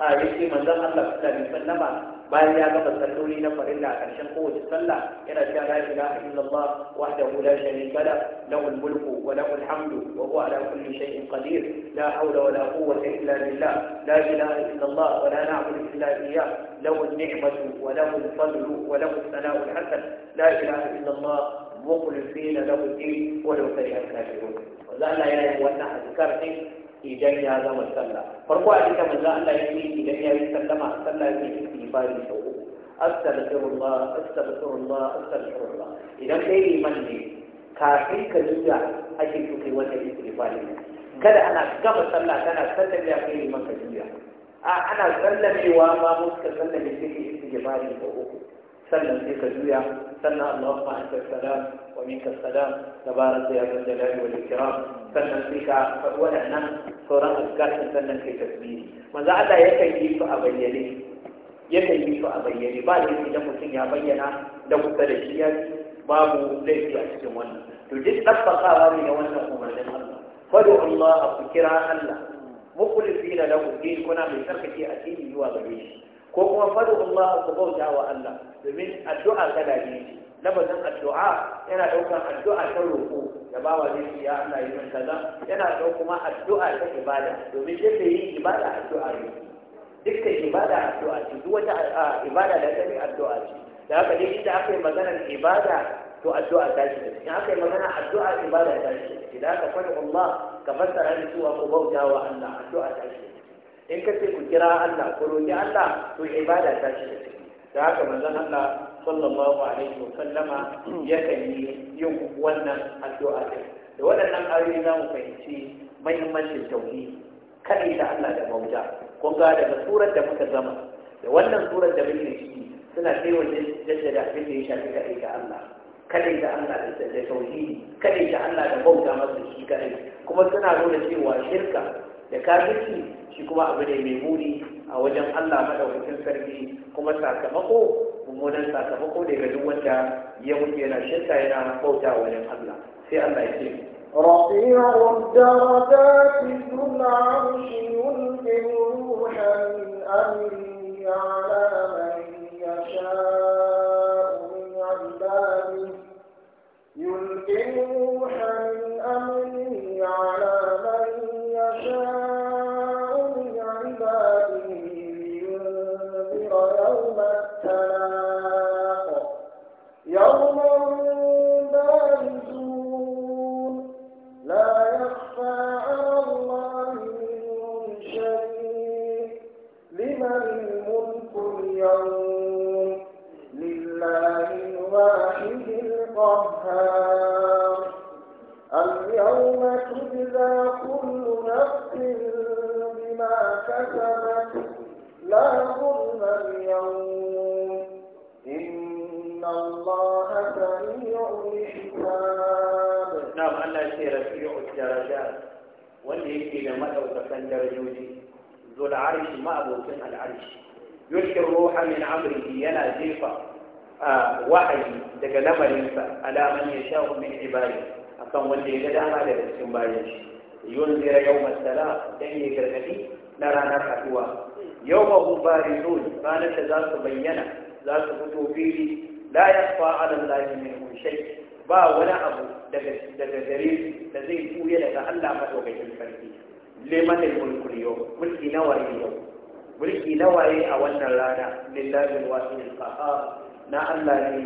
آه يكرم من ذا الله صلى الله عليه وسلم bayan ya gama salloli na farilla a ƙarshen kowace sallah yana cewa la ilaha illallah wahdahu la sharika la lahu mulku wa lahu al-hamdu wa huwa ala kulli shay'in qadir la hawla wa la quwwata illa billah la ilaha illallah wa la na'budu illa iyyah lahu an-ni'matu wa lahu al-fadlu wa lahu as-sana'u al-hasan la ilaha illallah مخلصين له الدين ولو كره الكافرون وزعل يعني وانا اذكرت idan ya zama sallah farko a cikin manzo Allah ya ce idan ya yi sallama sallah ya ce istighfari sau uku astaghfirullah astaghfirullah astaghfirullah idan kai ne man ne kafin ka juya ake so kai wannan istighfari kada ana gama sallah kana sallar ya kai man ka juya a ana sallamewa ma muka sallame sai istighfari sau uku sannan sai ka juya sannan Allahumma anta salam ومنك السلام تبارك يا ذا الجلال والإكرام sannan sai ka faɗi waɗannan sauran azkarin sannan kai tasbihi manzo Allah yakan yi su a bayyane yakan yi su ba laifi mutum ya bayyana da kusa da shi babu laifi a cikin wannan to duk tabbakawa ne a wannan umarnin Allah fadu Allah ku kira Allah mukhlisina lahu din kuna mai sarkake addini zuwa gare shi ko kuma fadin ma su bauta wa Allah domin addu'a kada ne lafazin addu'a yana daukan addu'a ta roƙo da bawa zai ya Allah yi min kaza yana daukan kuma addu'a ta ibada domin yadda yi ibada addu'a ne dukkan ibada addu'a ce duk wata ibada da ta addu'a ce da haka dai inda aka yi maganar ibada to addu'a ta ce in aka yi magana addu'a ibada ta ce idan ka fadin Allah ka fassara da cewa ko bauta wa Allah addu'a ta ce in ka ce ku kira Allah ku roƙi Allah to ibada ta shi da ciki da haka manzon Allah sallallahu alaihi wa sallama yakan yi yin wannan addu'a da waɗannan ayoyi za mu fahimci muhimmancin tauhi? kai da Allah da bauta kun ga daga surar da muka zama da wannan surar da muke ciki suna kai wajen jaddada abin da ya shafi kaɗai da Allah kai da Allah da tauhidi kai da Allah da bauta masa shi kai kuma suna nuna cewa shirka da kafirci shi kuma abu ne mai muni a wajen Allah maɗaukakin sarki kuma sakamako mummunan sakamako ne ga duk wanda ya mutu yana shirka yana bauta wajen Allah sai Allah ya ce رفيع الدرجات ذو العرش يلقي الروح من امره على من يشاء من عباده يلقي كل نفس بما كسبت لا ظلم اليوم إن الله سريع الحساب نعم الله يصير رفيع الدرجات واللي يجي لما لو تكن درجوجي ذو العرش ما أبو كن العرش يلقي الروح من عمره ينا زيفا آه وحي دقى لمرنسا على من يشاء من عباده أكون واللي يجد أنا لدى السنبايش yunzira yau matsala dan ya gargadi na ranar haduwa yawma barizun ranar da za su bayyana za su fito fili la yasfa ala allahi min shay ba wani abu daga daga gare da zai tuye daga Allah madaukakin sarki liman al-mulku yau mulki nawa yau mulki a wannan rana lillahi al-wahid al-qahhar na Allah ne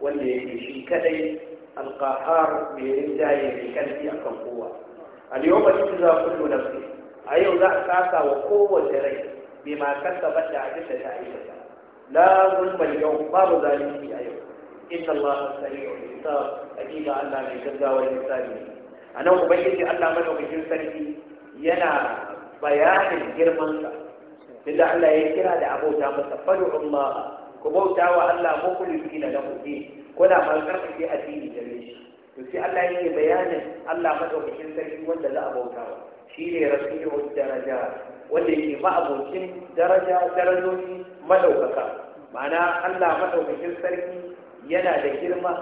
wanda yake shi kadai al-qahhar mai rinjaye mai karfi akan kowa al-yawma tujza kullu nafsin a yau za a saka wa kowace rai bima kasabat da abin da ta la zulma al babu zalimi a yau inna Allah sami'ul hisab hakika Allah mai gaggawar hisabi anan ubangiji Allah madaukakin sarki yana bayanin girman inda Allah ya kira da abota masa fadu Allah ku bauta wa Allah mukhlisina na din kuna ma addini gare shi to sai Allah yake bayanin Allah madaukakin sarki wanda za a bauta wa shi ne rasulun daraja wanda yake ma'abokin daraja darajoji madaukaka ma'ana Allah madaukakin sarki yana da girma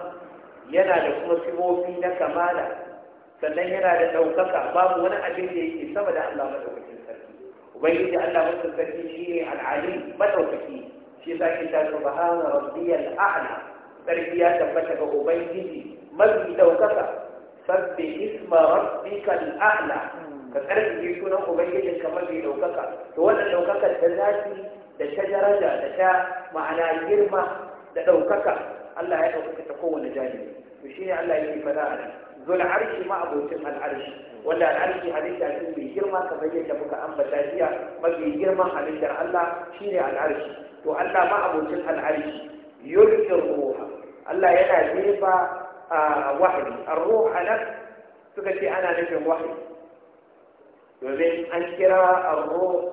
yana da kuma sifofi na kamala sannan yana da ɗaukaka babu wani abin da yake sama da Allah madaukakin sarki ubangiji Allah madaukakin sarki shi ne al'ali madaukaki shi yasa kin ta subhana rabbiyal a'la sarki ya tabbata ga ubangiji mafi daukaka sabbi isma rabbika al ka karfi sunan ubangijin ka mafi daukaka to wannan daukakar da zafi da ta daraja da ta ma'ana girma da daukaka Allah ya daukaka ta kowane jami'i to shine Allah yake fada a nan zul arshi ma abocin al'arshi wanda al'arshi halitta ce mai girma kamar yadda muka ambata jiya mafi girman halittar Allah shine al'arshi to Allah ma abocin al'arshi yulqi ruha Allah yana jefa wahayi arruh anan suka ce ana nufin wahayi domin an kira arruh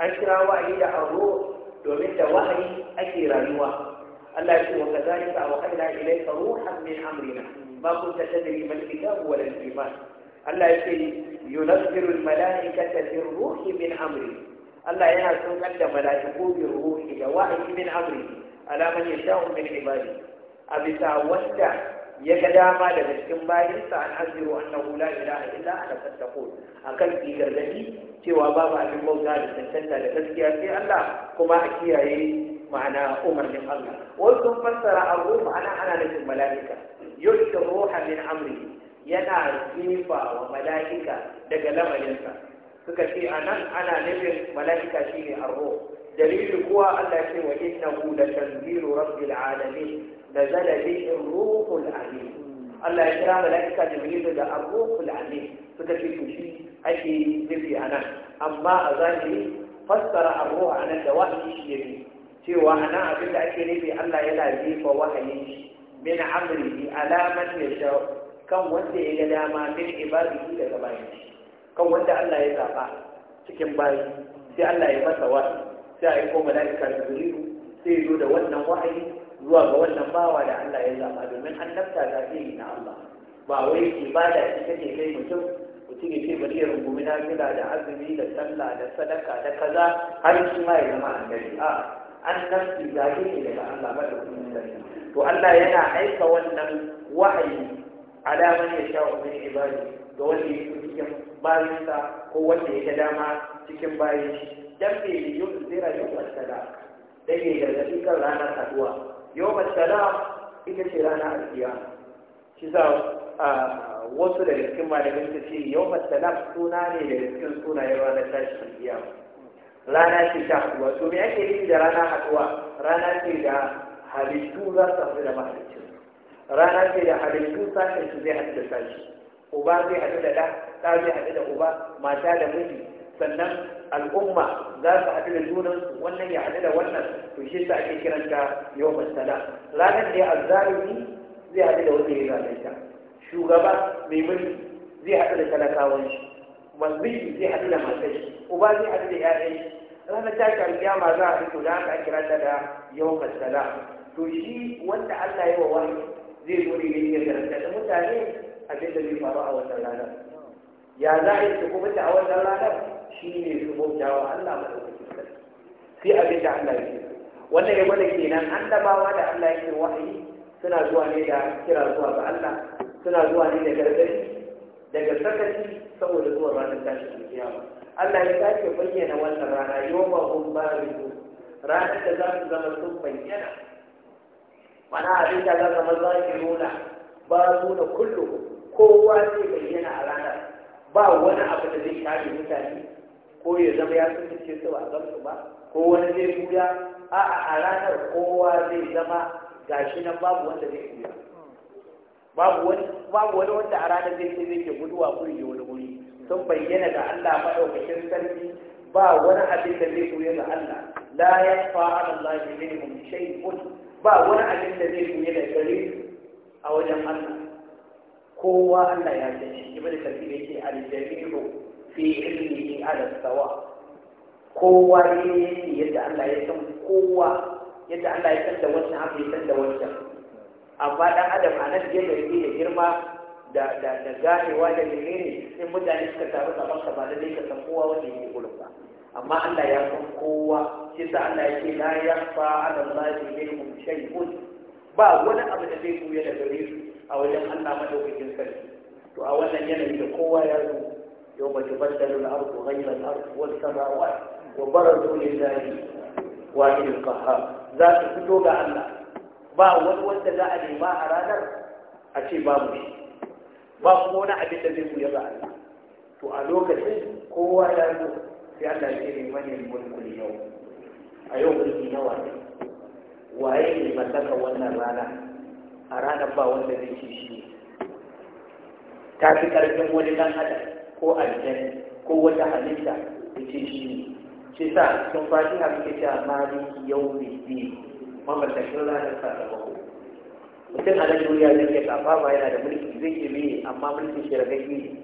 an kira wahayi da arruh domin da wahayi ake rayuwa Allah ya ce wa kadhalika wa qadna ilayka ruhan min amrina ma kunta tadri mal kitab wal iman Allah ya ce yunazzilu al malaikata bir ruhi min amri Allah yana saukar da mala'iku bir ruhi da wahayi min amri ala man yasha'u min ibadi a bisa wanda ya ga dama daga cikin bayansa an aziru annahu la a illa ana fattaqun akan ki gargadi cewa babu abin bauta da tantanta da gaskiya sai Allah kuma a kiyaye ma'ana umarnin Allah wasu sun fassara abu ana nufin mala'ika yulka ruha min amri yana jifa wa mala'ika daga lamarinsa suka ce anan ana nufin mala'ika shine arro dalili kuwa Allah ce wa innahu da tanzilu rabbil alamin نزل به الروح العليم Allah ya kira mala'ika Jibril da Ar-Ruhul Amin suka ce to ake nufi a nan amma a zahiri fassara ar a nan da wahayi shi ne cewa a nan abin da ake nufi Allah yana ba wahayi. shi min amrihi alaman ya sha kan wanda ya ga dama min ibadihi daga bayan shi kan wanda Allah ya zaba cikin bayi sai Allah ya masa wahayi sai a yi ko mala'ika Jibril sai ya zo da wannan wahayi zuwa ga wannan bawa da Allah ya zama domin annabta ta fi na Allah ba wai ibada ce take kai mutum mutum ya ce bari ya rungumi na gida da azumi da sallah da sadaka da kaza har shi ma ya zama gari a annabci zaɓe ne daga Allah ba da kuma to Allah yana aika wannan wahayi alaman ya sha wa mai ibadi ga wanda ya fi cikin bayansa ko wanda ya ga dama cikin bayan shi dan bai yi yau zira yau da dan ya gargaɗi kan ranar saduwa yau salam ita ce rana alkiya shi za a wasu da cikin malamai su ce yau salam suna ne da cikin sunayen ranar tashi alkiya rana ce ta haɗuwa to me ake nufi da rana haɗuwa rana ce da halittu za su haɗu da mahalicin rana ce da halittu sashen su zai haɗu da sashi uba zai haɗu da ɗa ɗa zai haɗu da uba mata da miji sannan al'umma za su haɗu da junan wannan ya haɗu da wannan to shi sa ake kiranta yau masala ranar da azzalimi zai haɗu da wanda ya zalunta shugaba mai mulki zai haɗu da talakawan shi manzili zai haɗu da matan shi uba zai haɗu da 'ya'yan shi ranar tashi alƙiyama za a rito da aka kira ta da yau masala to shi wanda Allah ya wa wani zai zo ne yayin garanta da mutane abin da zai faru a wannan ranar ya za a yi su kuma da a wannan ranar shi ne su bautawa Allah madaukakin sarki sai abin da Allah ce wannan ya mana kenan annabawa da Allah ce wa'ayi suna zuwa ne da kira zuwa ga Allah suna zuwa ne da gargari daga sakaci saboda zuwa ranar tashin kiyama Allah ya sake bayyana wannan rana yawma hum baridu ranar da za su zama sun bayyana mana abin da za zama za ki nuna ba nuna kullum kowa zai bayyana a ranar ba wani abu da zai shafi mutane ko ya zama ya kasance su ba a gamsu ba ko wani zai buya a a ranar kowa zai zama gashi nan babu wanda zai buya babu wani babu wani wanda a ranar zai ce zai ke guduwa kuri wani guri sun bayyana ga Allah madaukakin sarki ba wani abin da zai buya ga Allah la ya fa'a Allah minhum shay'un ba wani abin da zai buya da gare a wajen Allah kowa Allah ya san shi ibada kafi yake al fi ilmihi ala sawa kowa yayin yadda Allah ya san kowa yadda Allah ya san da wancan haka ya san da wancan amma dan adam a nan yadda yake da girma da da da gahewa da menene sai mutane suka taru a ka ba da dai ka san kowa wanda yake gurin ba amma Allah ya san kowa shi sa Allah yake la yakhfa ala Allahi minhum shay'un ba wani abu da zai buya da gare su a wajen Allah madaukakin sarki to a wannan yanayi da kowa ya zo يوم تبدل الأرض غير الأرض والسماوات وبرزوا لله واحد القهار ذات فتوغ الله با والوالد لا أدري ما أرادر أشي بابو ba kuma wani abin zai buya ba Allah to a lokacin kowa ya zo sai Allah ya ce mani mulkul yau a yau mulki na waye waye ne mallaka wannan rana a ranar ba wanda zai ce ta fi karfin wani dan adam ko aljan ko wata halitta da ce shi ne shi sa sun fashi ha suke cewa maliki yau ne ne ta ranar ko. mutum a nan duniya zai iya kafa ba yana da mulki zai iya biye amma mulki shi ragage ne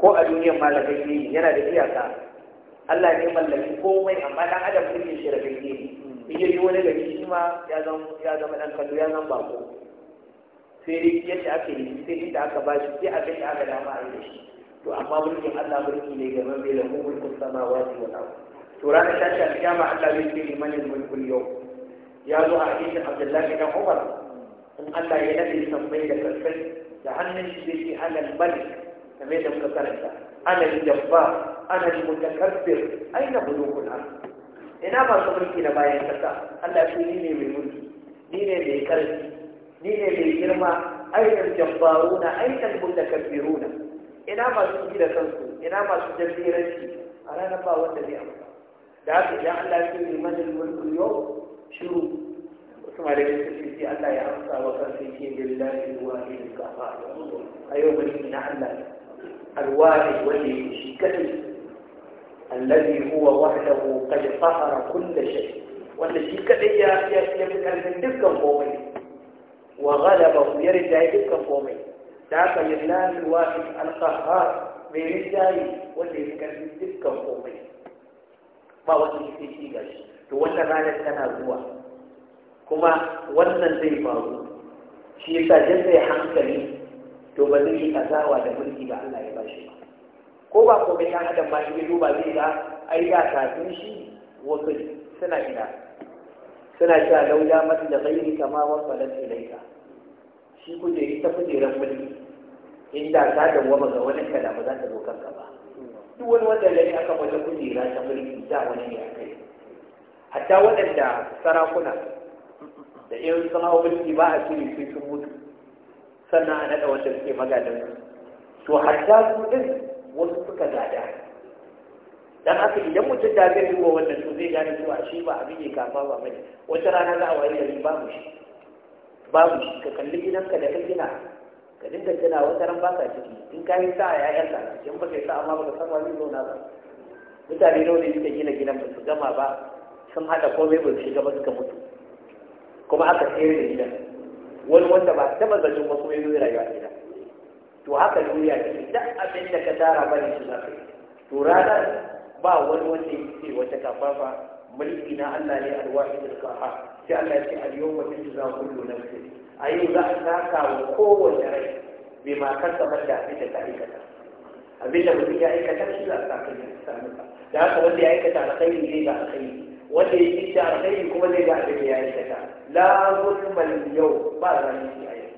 ko a duniyar ma ragage ne yana da iyaka Allah ne mallaki komai amma dan adam mulkin shi ragage ne in yi wani gari shi ma ya zama ɗan kallo ya zama bako sai dai yadda aka yi sai inda aka ba shi sai abin da aka dama a yi da shi to amma mulkin Allah mulki ne game bai lahu mulku samawati wal ardh to ranar tashi alkiyama Allah zai ce liman mulku yau ya zo a hadisin Abdullahi dan Umar in Allah ya nabi sammai da kaskai da hannun shi zai ce alal malik kamar da muka karanta ana jabba ana mutakabbir aina bulugul ardh ina su mulki na bayan kasa Allah shi ne mai mulki ni ne mai karfi ni ne mai girma aina jabbaruna aina mutakabbiruna ina masu ji da kansu ina masu jabiranci a ranar ba wanda zai amsa da haka idan Allah ya ce limanin mulkul yau shiru wasu malamin su ce Allah ya amsa wa kansa yake lillahi wahidul qahhar a yau mulki na Allah alwahid wanda yake shi kadai الذي هو وحده قد قهر كل شيء والذي كده يمكن أن تلك قومي وغلبه يرجع تلك قومي ذاك لله الواحد القهار mai rinjaye wanda ya fi karfi dukkan komai ba wanda ya fi shi gashi to wannan ranar tana zuwa kuma wannan zai faru shi ya yasa jan zai hankali to ba zai yi kazawa da mulki da Allah ya ba shi ba ko ba komai ɗan adam ba shi duba zai ga ai da kafin shi wasu suna ina suna cewa lauda mata da ghairi kama wasu lafiya shi kujeri ta kujeran mulki inda ka dawwama ga wani kada ba za ta zo kanka ba duk wani wanda ya aka wata kujera ta mulki da wani ne akai hatta waɗanda sarakuna da yin sun mulki ba a shiri sai sun mutu sannan a naɗa wanda suke magadan to hatta su ɗin wasu suka gada dan haka idan mutum da zai yi wa wannan to zai gane cewa shi ba abin ya kafa ba mai wata rana za a wayi da ba mu shi babu shi ka kalli gidanka da ka gina ka dinga gina wata ran baka ciki in ka yi sa yanka in ba yi sa amma ba ka san wani zauna ba mutane nawa ne suka gina gidan ba su gama ba sun haɗa komai ba su shiga ba suka mutu kuma aka tsere da gidan wani wanda ba taɓa zancen wasu mai zuwa rayuwa gidan to haka duniya ce duk abin da ka tara bane shi za ka yi to ranar ba wani wanda ya ce wata kafafa mulki na Allah ne alwahid al-qahhar sai Allah ya ce al-yawma tujza kullu nafsin ayu za a saka wa kowace rai bai ma kasabar da abin ta aikata abin da mutum ya aikata shi za a saka ne da haka wanda ya aikata alkhairi zai ga alkhairi wanda ya yi da alkhairi kuma zai ga abin da ya aikata la zulmal yau ba zalunci a yau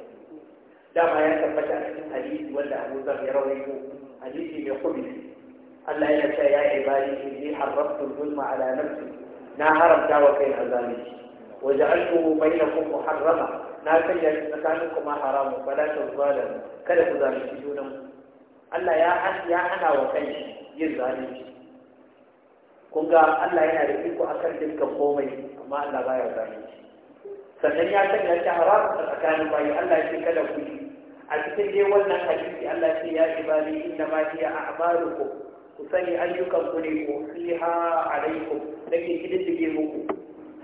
dama ya tabbata a cikin hadisi wanda Abu Zar ya rawaito hadisi mai kudi Allah ya ce ya ibadi inni harrabtu zulma ala nafsi na haramta wa kai azalimi waja'altuhu bainakum muharrama na sanya shi tsakanin kuma haramun fala tazalim kada ku zalunci junan Allah ya ya hana wa kai yin zalunci kun ga Allah yana da iko akan dukkan komai amma Allah baya zalunci sannan ya sanya shi haramun tsakanin bayi Allah ya ce kada ku yi a cikin dai wannan hadisi Allah ya ce ya ibadi inna ma hiya a'malukum ku sani ayyukan ku ne ko fiha alaikum nake kididdige muku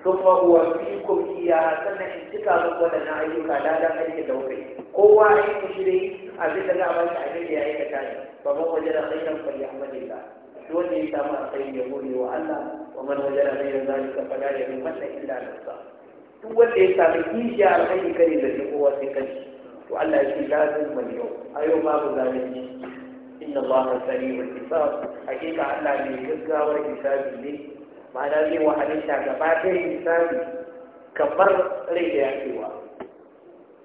thumma huwa fiikum iya sannan in cika muku wadannan ayyuka da dan aiki da kai kowa aiki shi dai abin da za a bashi abin da ya aikata ne ba man waje da khairan da shi wanda ya samu alkhairi ya gode wa Allah wa man waje da fada da fala yalumanna illa sa. duk wanda ya samu kishiya kai kare da kowa sai kai to Allah ya ce lazim A yau ayo babu zalunci inna Allah sari'ul hisab hakika Allah ne gaggawar hisabi ne ma'ana zai wa halitta gaba ɗaya hisabi kamar rai da yakewa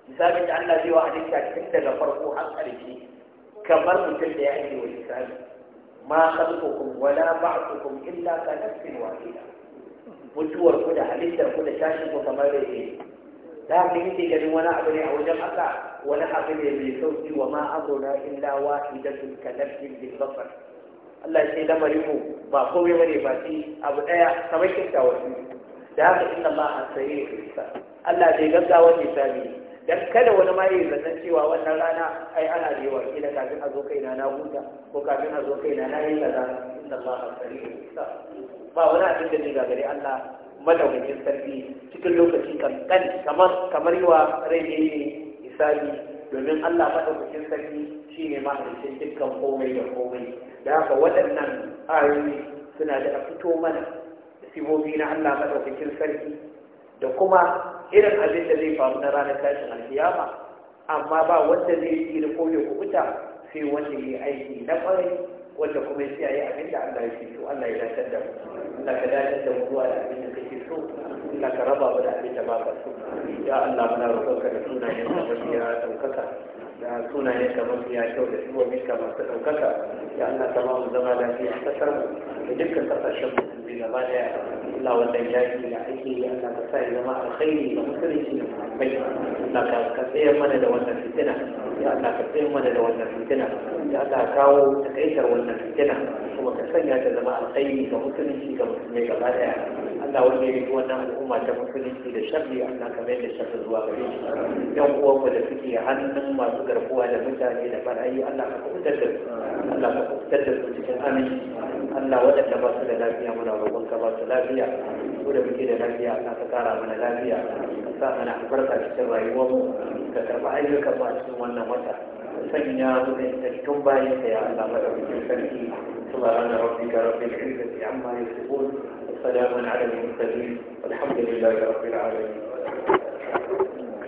hisabin da Allah zai wa halitta tun daga farko har ƙarshe kamar mutum da ya ake wa hisabi ma khalqukum wala ba'thukum illa ka nafsin wahida mutuwar ku da halittar ku da tashin ku kamar rai ne da haka yake ganin wani abu ne a wajen Allah wani abu ne mai sauki wa ma amruna illa wahidatun kalafin bil basar Allah ya ce lamarin mu ba komai bane ba shi abu daya kamar kinta wasu da haka inna Allah sayyid hisab Allah zai gaza wani sami dan kada wani ma yi zannan cewa wannan rana ai ana da yawa kila kafin a zo kaina na huta ko kafin a zo kaina na yi kaza inna Allah sayyid hisab ba wani abin da ne gagare Allah madaukakin sarki cikin lokaci kankan kamar kamar yawa rai ne misali domin Allah madaukakin sarki shine mahalicin dukkan komai da komai da haka waɗannan ayoyi suna da fito mana da sibobi na Allah madaukakin sarki da kuma irin abin da zai faru na ranar tashin alkiyama amma ba wanda zai yi da koyo kubuta sai wanda ya yi aiki na kwarai wanda kuma ya yi abin da Allah ya fito Allah ya dace da Allah ka dace da mu da abin da kake so Allah ka raba mu da abin da ba ka so ya Allah muna roƙonka da sunayen da ya ɗaukaka da sunayen ka mafiya kyau da shugabi ka masu ɗaukaka ya Allah ka ba mu zama lafiya a ƙasar mu da dukkan ƙasashen mu da gaba ɗaya Allah wannan yaki da ake yi Allah ka sa ya zama alkhairi da shi da musulmai Allah ka ka tsaya mana da wannan fitina ya Allah ka tsaya mana da wannan fitina ya Allah ka kawo takaitar wannan fitina kuma ka sanya ta zama alkhairi ga musulunci ga musulmai gaba daya Allah wanda ya yi wannan al'umma ta shi da sharri Allah ka mai da sharri zuwa gare shi yan uwan uwanmu da suke hannun masu garkuwa da mutane da barayi Allah ka kubutar da su Allah ka kubutar da su cikin aminci Allah waɗanda ba su da lafiya muna roƙon ka ba su lafiya ko da muke da lafiya ka ka kara mana lafiya ka sa mana albarka cikin rayuwar mu ka karba ayyuka ba cikin wannan wata sanya mu da tattun bayan ka ya Allah madaukakin sarki subhana rabbika rabbil izzati amma yasifun salamun ala al-mursalin walhamdulillahi rabbil alamin